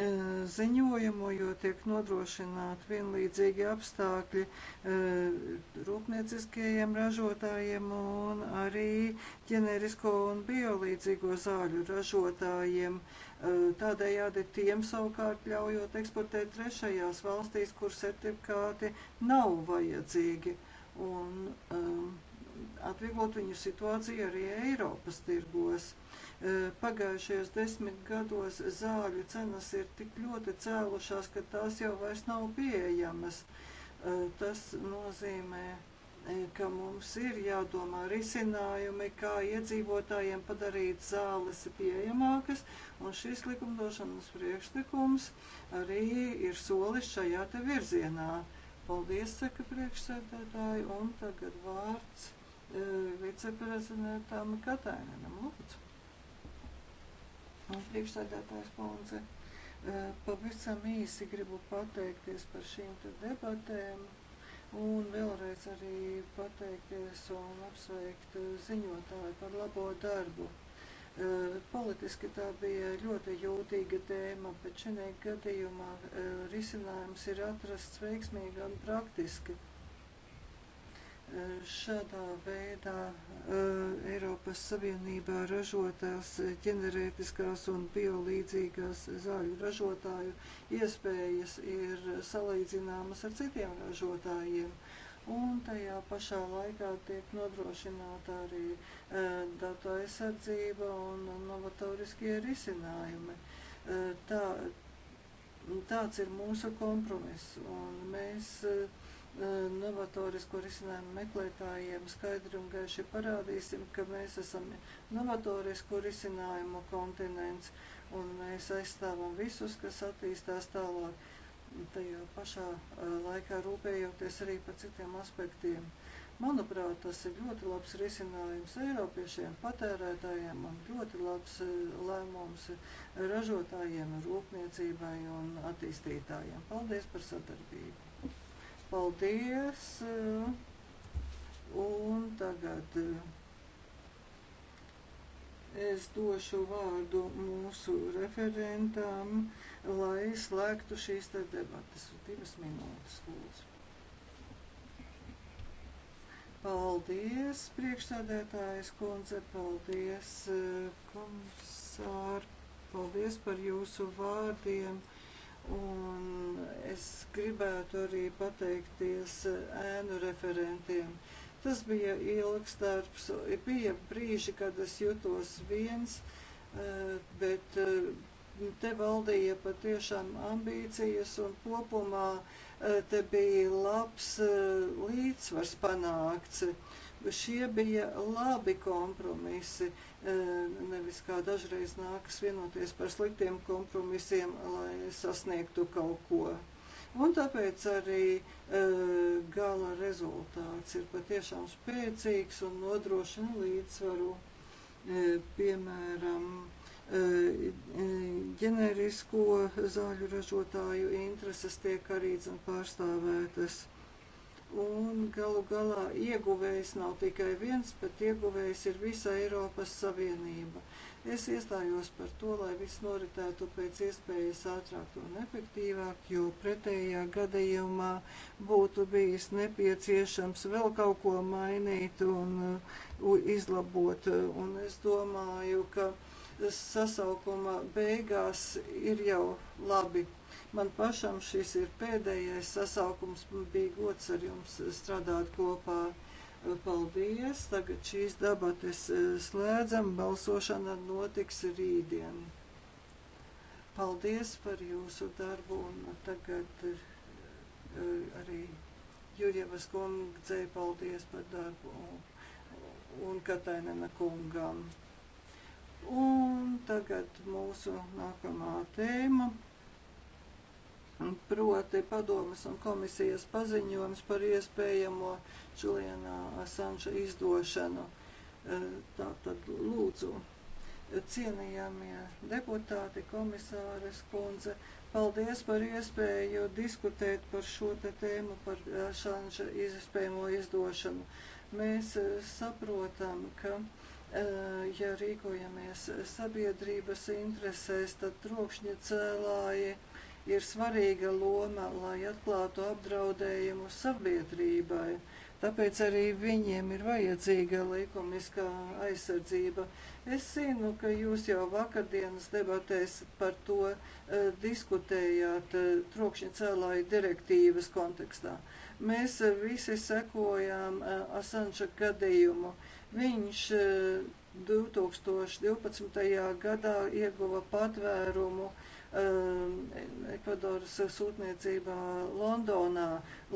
E, ziņojumu, jo tiek nodrošināti vienlīdzīgi apstākļi e, rūpnieciskajiem ražotājiem un arī ģenerisko un biolīdzīgo zāļu ražotājiem. E, tādējādi tiem savukārt ļaujot eksportēt trešajās valstīs, kur certifikāti nav vajadzīgi. Un, um, atvieglot viņu situāciju arī Eiropas tirgos. Eh, pagājušajos desmit gados zāļu cenas ir tik ļoti cēlušās, ka tās jau vairs nav pieejamas. Eh, tas nozīmē, eh, ka mums ir jādomā risinājumi, kā iedzīvotājiem padarīt zāles pieejamākas, un šis likumdošanas priekšlikums arī ir solis šajā te virzienā. Paldies, saka priekšsēdētāji, un tagad vārds e, viceprezidentam Katainenam. Lūdzu un priekšsēdētājs kundze. Pavisam īsi gribu pateikties par šīm debatēm un vēlreiz arī pateikties un apsveikt ziņotāju par labo darbu. Politiski tā bija ļoti jūtīga tēma, bet šajā gadījumā risinājums ir atrasts veiksmīgi un praktiski. Šādā veidā Eiropas Savienībā ražotās ģenerētiskās un biolīdzīgās zāļu ražotāju iespējas ir salīdzināmas ar citiem ražotājiem un tajā pašā laikā tiek nodrošināta arī e, datu aizsardzība un novatoriskie risinājumi. E, tā, tāds ir mūsu kompromiss, un mēs e, novatorisku risinājumu meklētājiem skaidri un gaiši parādīsim, ka mēs esam novatorisku risinājumu kontinents un mēs aizstāvam visus, kas attīstās tālāk, tajā pašā laikā rūpējoties arī par citiem aspektiem. Manuprāt, tas ir ļoti labs risinājums Eiropiešiem, patērētājiem un ļoti labs lēmums ražotājiem, rūpniecībai un attīstītājiem. Paldies par sadarbību! Paldies! Eh, un tagad eh, es došu vārdu mūsu referentām, lai slēgtu šīs te debatas. Divas minūtes, lūdzu. Paldies, priekšsādētājs kundze, paldies, eh, komisār, paldies par jūsu vārdiem un es gribētu arī pateikties ēnu referentiem. Tas bija ilgs darbs, bija brīži, kad es jutos viens, eh, bet eh, te valdīja patiešām ambīcijas un kopumā eh, te bija labs līdzsvars panākts Šie bija labi kompromisi, e, nevis kā dažreiz nākas vienoties par sliktiem kompromisiem, lai sasniegtu kaut ko. Un tāpēc arī e, gala rezultāts ir patiešām spēcīgs un nodrošina līdzsvaru, e, piemēram, ģenerisko zāļu ražotāju intereses tiek arī pārstāvētas un galu galā ieguvējs nav tikai viens, bet ieguvējs ir visa Eiropas Savienība. Es iestājos par to, lai viss noritētu pēc iespējas ātrāk un efektīvāk, jo pretējā gadījumā būtu bijis nepieciešams vēl kaut ko mainīt un uh, izlabot. Un es domāju, ka sasaukuma beigās ir jau labi Man pašam šis ir pēdējais sasaukums, man bija gods ar jums strādāt kopā. Paldies! Tagad šīs debates e, slēdzam, balsošana notiks rītdien. Paldies par jūsu darbu un tagad e, e, arī Jurjevas kungdzei paldies par darbu un Katainena kungam. Un tagad mūsu nākamā tēma proti padomas un komisijas paziņojums par iespējamo Čulienā Asanža izdošanu. E, tātad lūdzu, cienījamie deputāti, komisāres kundze, Paldies par iespēju diskutēt par šo te tēmu, par šanža iespējamo izdošanu. Mēs e, saprotam, ka, e, ja rīkojamies sabiedrības interesēs, tad trokšņa cēlāji ir svarīga loma, lai atklātu apdraudējumu sabiedrībai. Tāpēc arī viņiem ir vajadzīga likumiskā aizsardzība. Es zinu, ka jūs jau vakardienas debatēs par to e, eh, diskutējāt e, eh, trokšņa cēlāju direktīvas kontekstā. Mēs e, eh, visi sekojām e, eh, Asanča gadījumu. Viņš e, 2012. gadā ieguva patvērumu um, Ekvadoras sūtniecībā Londonā,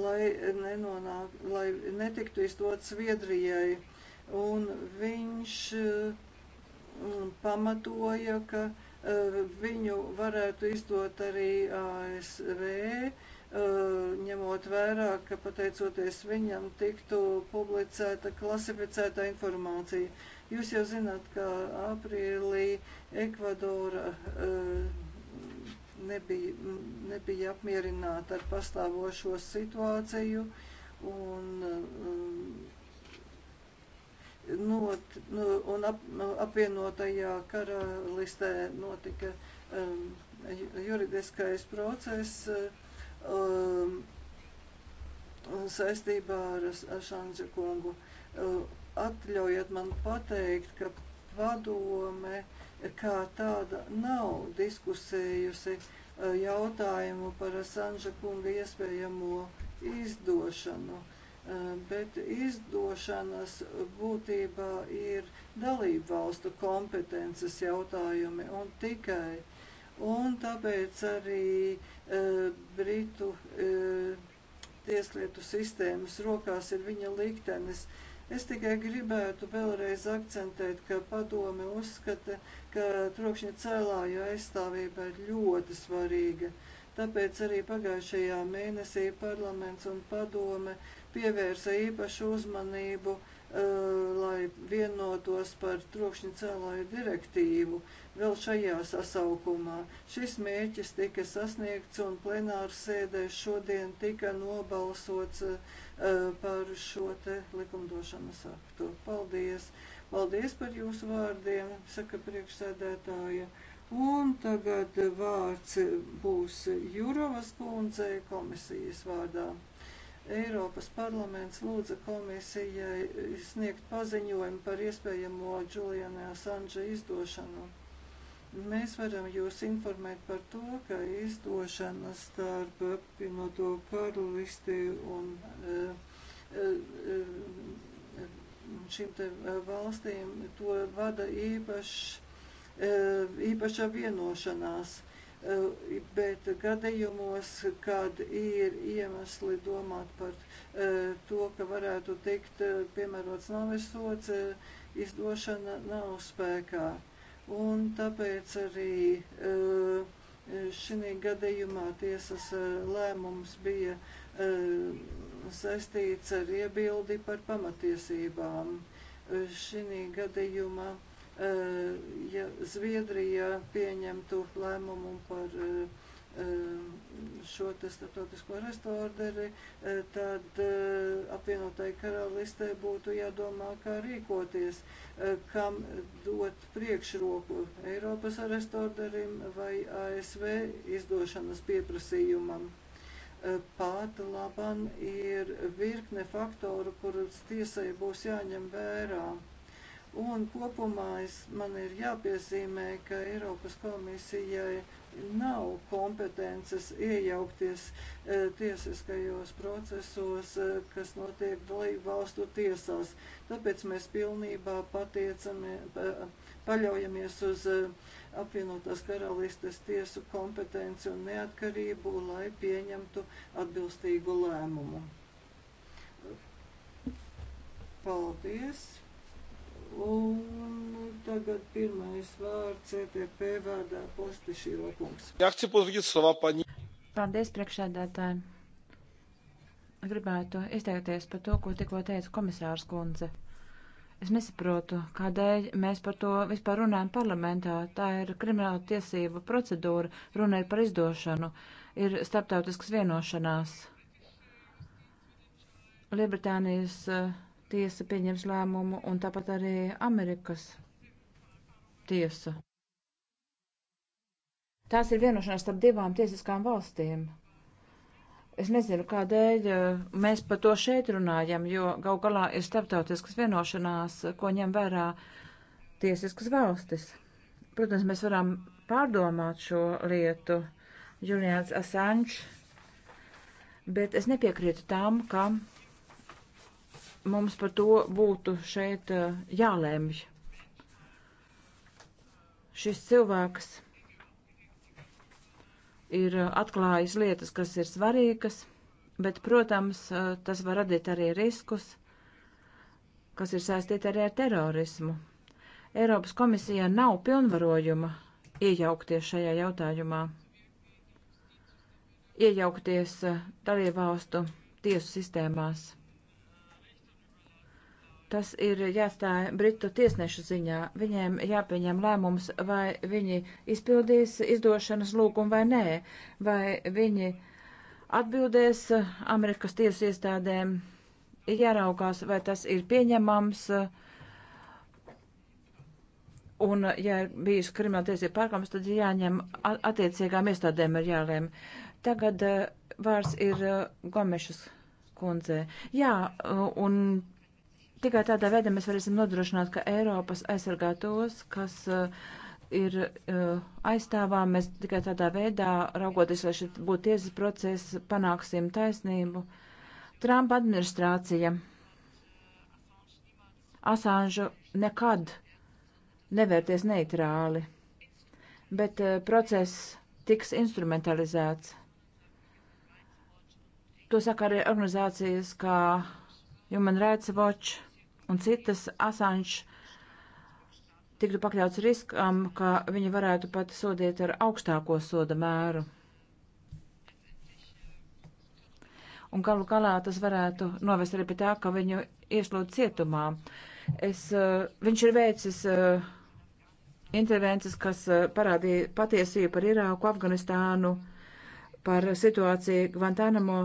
lai, nenonāk, lai netiktu izdots Zviedrijai. Un viņš um, pamatoja, ka uh, viņu varētu izdot arī ASV, uh, ņemot vērā, ka pateicoties viņam tiktu publicēta klasificēta informācija. Jūs jau zināt, ka aprīlī Ekvadora eh, nebija, nebija apmierināta ar pastāvošo situāciju un eh, not, nu, un ap, apvienotajā karalistē notika um, juridiskais process um, saistībā ar, ar Šanģa kungu. Uh, atļaujiet man pateikt, ka padome kā tāda nav diskusējusi eh, jautājumu par Sanža kunga iespējamo izdošanu, eh, bet izdošanas būtībā ir dalību valstu kompetences jautājumi un tikai. Un tāpēc arī e, Britu e, tieslietu sistēmas rokās ir viņa liktenis. E, Es tikai gribētu vēlreiz akcentēt, ka padome uzskata, ka trokšņa cēlāju aizstāvība ir ļoti svarīga. Tāpēc arī pagājušajā mēnesī parlaments un padome pievērsa īpašu uzmanību uh, lai vienotos par trokšņa cēlāju direktīvu vēl šajā sasaukumā. Šis mērķis tika sasniegts un plenāra sēdē šodien tika nobalsots par šo te likumdošanas aktu. Paldies! Paldies par jūsu vārdiem, saka priekšsēdētāja. Un tagad vārds būs Jurovas kundzei komisijas vārdā. Eiropas parlaments lūdza komisijai sniegt paziņojumu par iespējamo Džuliana Sanža izdošanu. Mēs varam jūs informēt par to, ka izdošana starp apvienoto karalisti un eh, eh, eh, šīm te valstīm to vada īpašs īpaša vienošanās. Eh, bet gadījumos, kad ir iemesli domāt par eh, to, ka varētu tikt eh, piemērots novisots, izdošana nav spēkā. Un tāpēc arī šī gadījumā tiesas lēmums bija saistīts ar iebildi par pamatiesībām. Šī gadījumā Eh, ja Zviedrija pieņemtu lēmumu par eh, eh, šo starptautisko arestu orderi, tad apvienotai karalistē būtu jādomā, kā rīkoties, kam dot priekšroku Eiropas arestu orderim vai ASV izdošanas pieprasījumam. Pat labam ir virkne faktoru, kurus tiesai būs jāņem vērā. Un kopumā es, man ir jāpiezīmē, ka Eiropas komisijai nav kompetences iejaukties e, tiesiskajos procesos, e, kas notiek dalību valstu tiesās. Tāpēc mēs pilnībā pa, paļaujamies uz e, apvienotās karalistes tiesu kompetenci un neatkarību, lai pieņemtu atbilstīgu lēmumu. Paldies! Un nu, tagad pirmais vārds ETP vārdā Pospišīla kungs. Paldies priekšēdētājiem. Gribētu izteikties par to, ko tikko teica komisārs kundze. Es nesaprotu, kādēļ mēs par to vispār runājam parlamentā. Tā ir krimināla tiesība procedūra, runa ir par izdošanu, ir starptautiskas vienošanās. Lielbritānijas uh, tiesa pieņems lēmumu, un tāpat arī Amerikas tiesa. Tās ir vienošanās starp divām tiesiskām valstīm. Es nezinu, kādēļ eh, mēs par to šeit runājam, jo gal galā ir starptautiskas vienošanās, ko ņem vērā tiesiskas valstis. Protams, mēs varam pārdomāt šo lietu, Julians Assange, bet es nepiekrītu tam, ka mums par to būtu šeit eh, jālēmj. Šis cilvēks ir eh, atklājis lietas, kas ir svarīgas, bet, protams, eh, tas var radīt arī riskus, kas ir saistīti arī ar terorismu. Eiropas komisijā nav pilnvarojuma iejaukties šajā jautājumā, iejaukties dalībvalstu tiesu sistēmās. Tas ir jāstāja Britu tiesnešu ziņā. Viņiem jāpieņem lēmums, vai viņi izpildīs izdošanas lūgumu vai nē, vai viņi atbildēs Amerikas tiesu iestādēm, ir jāraugās, vai tas ir pieņemams. Un, ja ir bijis krimināla tiesība pārkāpums, tad jāņem attiecīgām iestādēm ir jālēm. Tagad eh, vārds ir eh, Gomešas kundze. Jā, un Tikai tādā veidā mēs varēsim nodrošināt, ka Eiropas aizsargā tos, kas uh, ir uh, aizstāvām. Mēs tikai tādā veidā, raugoties, lai šeit būtu tiesas process, panāksim taisnību. Trumpa administrācija Asāņu nekad nevērties neitrāli, bet uh, process tiks instrumentalizēts. To saka arī organizācijas kā Human Rights Watch un citas Asanš tiktu pakļauts riskam, ka viņi varētu pat sodīt ar augstāko soda mēru. Un galu galā tas varētu novest arī pie tā, ka viņu ieslūdz cietumā. Es, uh, viņš ir veicis uh, intervences, kas uh, parādīja patiesību par Irāku, Afganistānu, par situāciju Guantanamo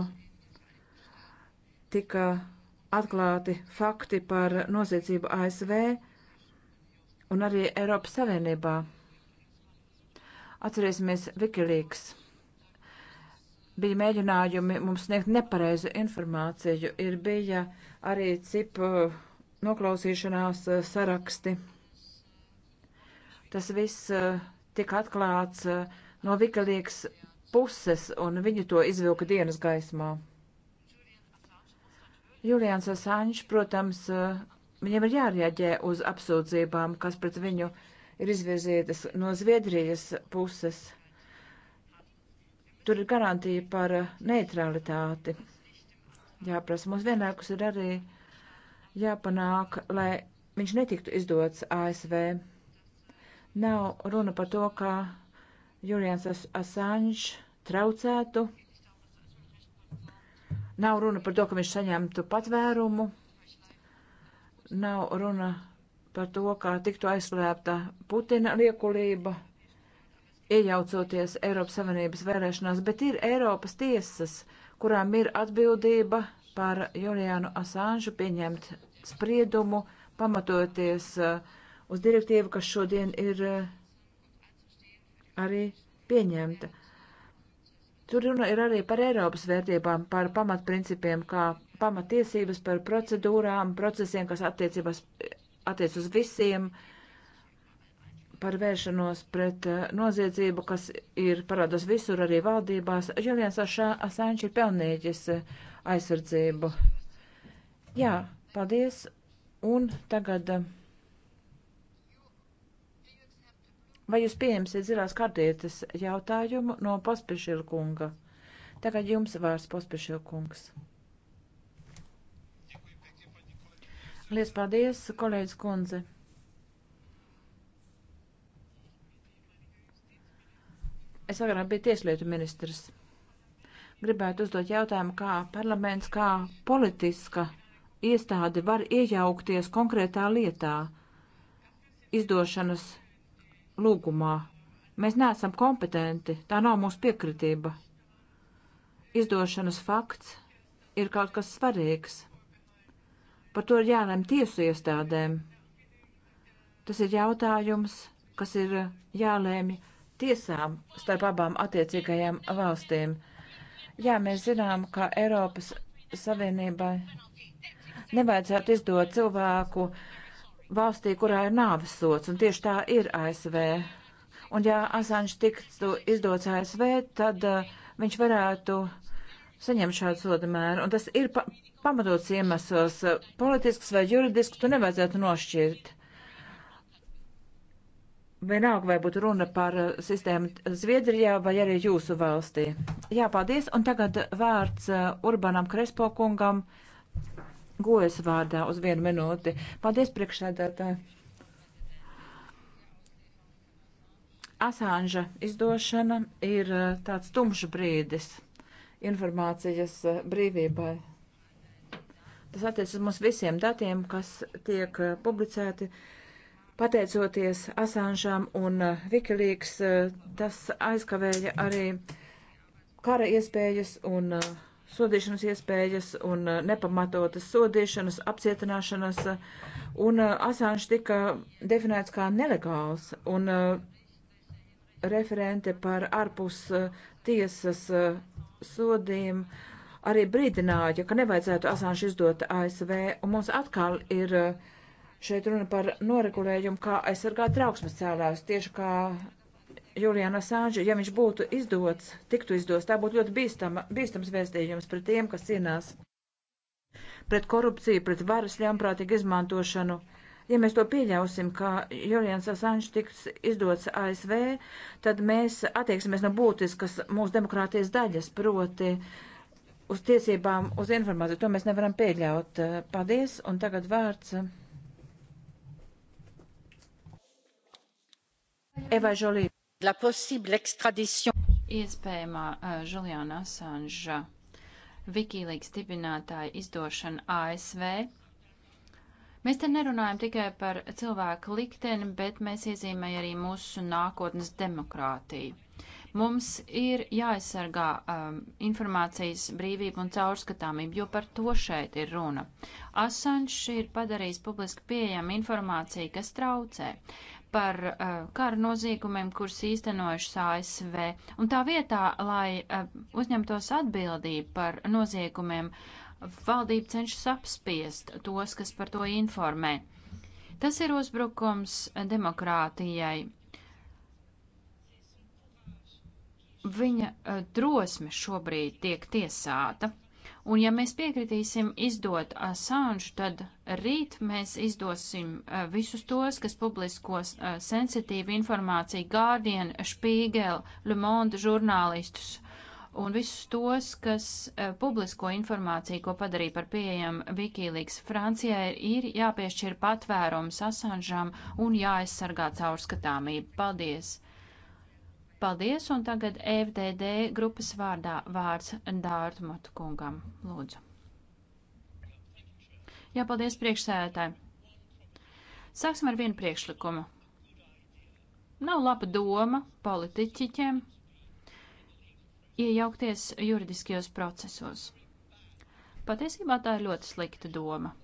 tika atklāti fakti par noziedzību ASV un arī Eiropas Savienībā. Atcerēsimies Wikileaks. Bija mēģinājumi mums sniegt nepareizu informāciju, ir bija arī cipu uh, noklausīšanās uh, saraksti. Tas viss uh, tika atklāts no Wikileaks puses, un viņi to izvilka dienas gaismā. Julians Asanš, protams, eh, viņiem ir jārieģē uz apsūdzībām, kas pret viņu ir izvirzītas no Zviedrijas puses. Tur ir garantija par eh, neutralitāti. Jāprasa, mums vienlaikus ir arī jāpanāk, lai viņš netiktu izdots ASV. Nav runa par to, ka Julians Asanš traucētu Nav runa par to, ka viņš saņemtu patvērumu. Nav runa par to, kā tiktu aizslēpta Putina liekulība, iejaucoties Eiropas Savienības vēlēšanās, bet ir Eiropas tiesas, kurām ir atbildība par Julianu Asanžu pieņemt spriedumu, pamatoties uh, uz direktīvu, kas šodien ir uh, arī pieņemta. Tur runa ir arī par Eiropas vērtībām, par pamatprincipiem, kā pamatiesības, par procedūrām, procesiem, kas attiec uz visiem, par vēršanos pret eh, noziedzību, kas ir parādos visur, arī valdībās. Žiliens Asāņš ir pelnīģis eh, aizsardzību. Jā, paldies. Un tagad. Uh, Vai jūs pieņemsiet zilās kartietes jautājumu no Pospešilkunga? Tagad jums vārds Pospešilkungs. Lies paldies, kolēģis kundze. Es agrāk biju tieslietu ministrs. Gribētu uzdot jautājumu, kā parlaments, kā politiska iestāde var iejaukties konkrētā lietā izdošanas lūgumā. Mēs neesam kompetenti, tā nav mūsu piekritība. Izdošanas fakts ir kaut kas svarīgs. Par to ir jālem tiesu iestādēm. Tas ir jautājums, kas ir jālēmi tiesām starp abām attiecīgajām valstīm. Jā, mēs zinām, ka Eiropas Savienībai nevajadzētu izdot cilvēku uh, valstī, kurā ir nāvesots, un tieši tā ir ASV. Un ja Asanš tiktu izdots ASV, tad uh, viņš varētu saņemt šādu sodu mēru. Un tas ir pa pamatots iemesls. Uh, politisks vai juridisks tu nevajadzētu nošķirt. Vienalga, vai būtu runa par uh, sistēmu Zviedrijā vai arī jūsu valstī. Jā, paldies. Un tagad vārds uh, Urbanam Krespo kungam. Uh, gojas vārdā uz vienu minūti. Paldies, priekšsēdētāji. Asāņa izdošana ir eh, tāds tumšs brīdis informācijas eh, brīvībai. Tas attiecas uz mums visiem datiem, kas tiek eh, publicēti. Pateicoties Asāņšām un Wikileaks, tas aizkavēja arī kara iespējas un uh, sodīšanas iespējas un uh, nepamatotas sodīšanas, apcietināšanas, uh, un uh, Asāņš tika definēts kā nelegāls, un referente par ārpus tiesas sodīm arī brīdināja, ka nevajadzētu Asāņš izdot ASV, un mums atkal ir šeit runa par noregulējumu, kā aizsargāt trauksmes cēlājus, tieši kā Julian Assange, ja viņš būtu izdots, tiktu izdots, tā būtu ļoti bīstama, bīstams vēstījums pret tiem, kas cīnās pret korupciju, pret varas ļaunprātīgu izmantošanu. Ja mēs to pieļausim, ka Julians Assange tiks izdots ASV, tad mēs attieksimies no būtiskas mūsu demokrātijas daļas, proti uz tiesībām, uz informāciju. To mēs nevaram pieļaut. Paldies, un tagad vārds. Eva Žolī la possible extradition. Iespējamā uh, Juliana Assange Wikileaks dibinātāja izdošana ASV. Mēs te nerunājam tikai par cilvēku likteni, bet mēs iezīmējam arī mūsu nākotnes demokrātiju. Mums ir jāaizsargā um, informācijas brīvība un caurskatāmība, jo par to šeit ir runa. Asanš ir padarījis publiski pieejama informācija, kas traucē. Uh, par uh, kara noziegumiem, kurus īstenojušas ASV. Un tā vietā, lai uh, uzņemtos atbildību par noziegumiem, valdība cenšas apspiest tos, kas par to informē. Tas ir uzbrukums demokrātijai. Viņa uh, drosme šobrīd tiek tiesāta. Un ja mēs piekritīsim izdot Assange, tad rīt mēs izdosim uh, visus tos, kas publiskos uh, e, sensitīvu informāciju Guardian, Spiegel, Le Monde žurnālistus un visus tos, kas uh, publisko informāciju, ko padarīja par pieejamu Wikileaks Francijai, ir jāpiešķir patvērums Assangeam un jāaizsargā caurskatāmība. Paldies! Paldies, un tagad FDD grupas vārdā vārds Dārtmatu kungam. Lūdzu. Jā, paldies priekšsēdētāji. Sāksim ar vienu priekšlikumu. Nav laba doma politiķiķiem iejaukties juridiskajos procesos. Patiesībā tā ir ļoti slikta doma.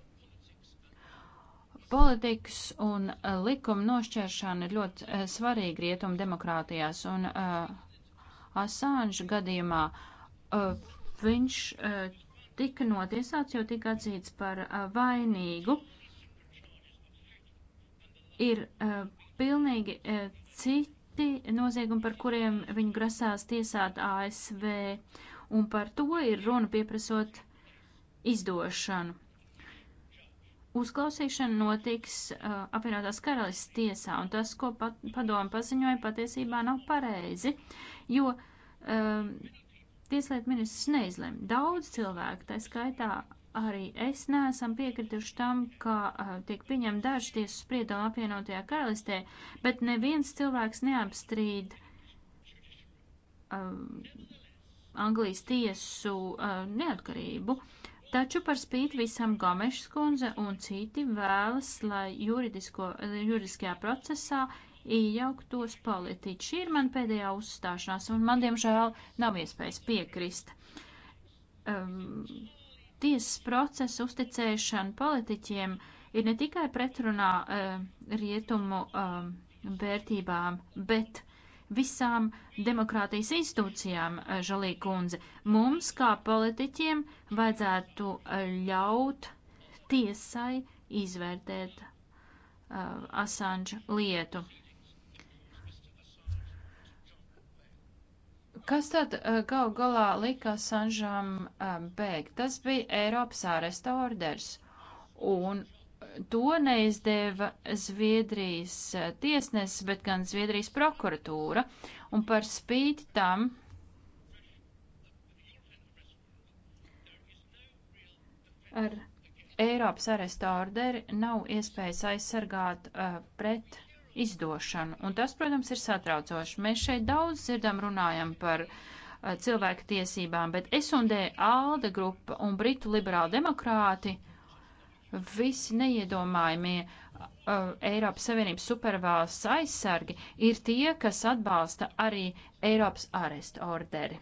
Politikas un eh, likuma nošķēršana ir ļoti eh, svarīga rietuma demokrātijās, un uh, Assange gadījumā uh, viņš uh, tika notiesāts, jo tika atzīts par uh, vainīgu. Ir uh, pilnīgi uh, citi noziegumi, par kuriem viņu grasās tiesāt ASV, un par to ir runa pieprasot izdošanu. Uzklausīšana notiks uh, apvienotās karalists tiesā, un tas, ko pat, padomu paziņoja, patiesībā nav pareizi, jo um, tieslietu ministrs neizlem. Daudz cilvēku, tā skaitā arī es, neesam piekrituši tam, ka uh, tiek pieņem daži tiesas spriedumi apvienotajā karalistē, bet neviens cilvēks neapstrīd um, Anglijas tiesu uh, neatkarību. Uh, Taču par spīti visam Gomešs kundze un citi vēlas, lai juridiskajā procesā iejauktos politiķi. Šī ir man pēdējā uzstāšanās, un man, diemžēl, nav iespējas piekrist. Um, tiesas procesa uzticēšana politiķiem ir ne tikai pretrunā uh, rietumu uh, vērtībām, bet visām demokrātijas institūcijām, eh, Žalī kundze. Mums, kā politiķiem, vajadzētu eh, ļaut tiesai izvērtēt uh, eh, Asanža lietu. Kas tad uh, gal galā lika Asanžam uh, bēgt? Tas bija Eiropas āresta orders. Un to neizdeva Zviedrijas tiesnesis, bet gan Zviedrijas prokuratūra, un par spīti tam ar Eiropas arestu orderi nav iespējas aizsargāt uh, pret izdošanu, un tas, protams, ir satraucoši. Mēs šeit daudz dzirdam runājam par uh, cilvēku tiesībām, bet S&D, ALDE grupa un Britu liberāli demokrāti visi neiedomājamie uh, Eiropas Savienības supervalsts aizsargi ir tie, kas atbalsta arī Eiropas arestu orderi.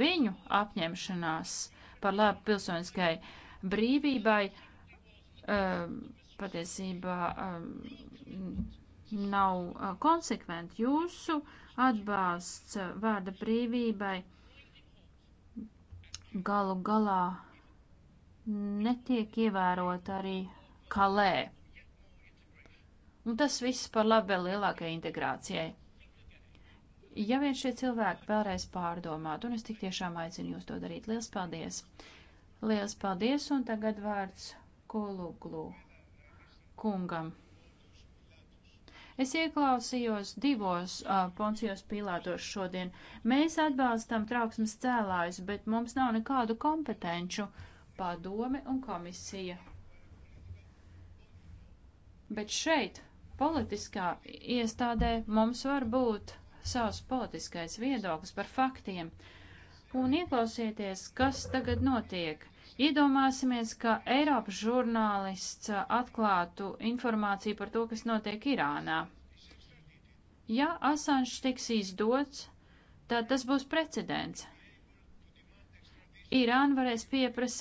Viņu apņemšanās par labu pilsoniskai brīvībai um, um, uh, patiesībā uh, nav konsekventi. Jūsu atbalsts uh, vārda brīvībai galu galā netiek ievērota arī kalē. Un tas viss par labu vēl lielākai integrācijai. Ja vien šie cilvēki vēlreiz pārdomātu, un es tik tiešām aicinu jūs to darīt, liels paldies! Liels paldies, un tagad vārds Koluglu kungam. Es ieklausījos divos uh, poncijos pilātos šodien. Mēs atbalstam trauksmes cēlājus, bet mums nav nekādu kompetenču uh, padome un komisija. Bet šeit, politiskā iestādē, mums var būt savs politiskais viedoklis par faktiem. Un ieklausieties, kas tagad notiek. Iedomāsimies, ka Eiropas žurnālists atklātu informāciju par to, kas notiek Irānā. Ja Asanš tiks izdots, tad tas būs precedents. Irāna varēs pieprasīt.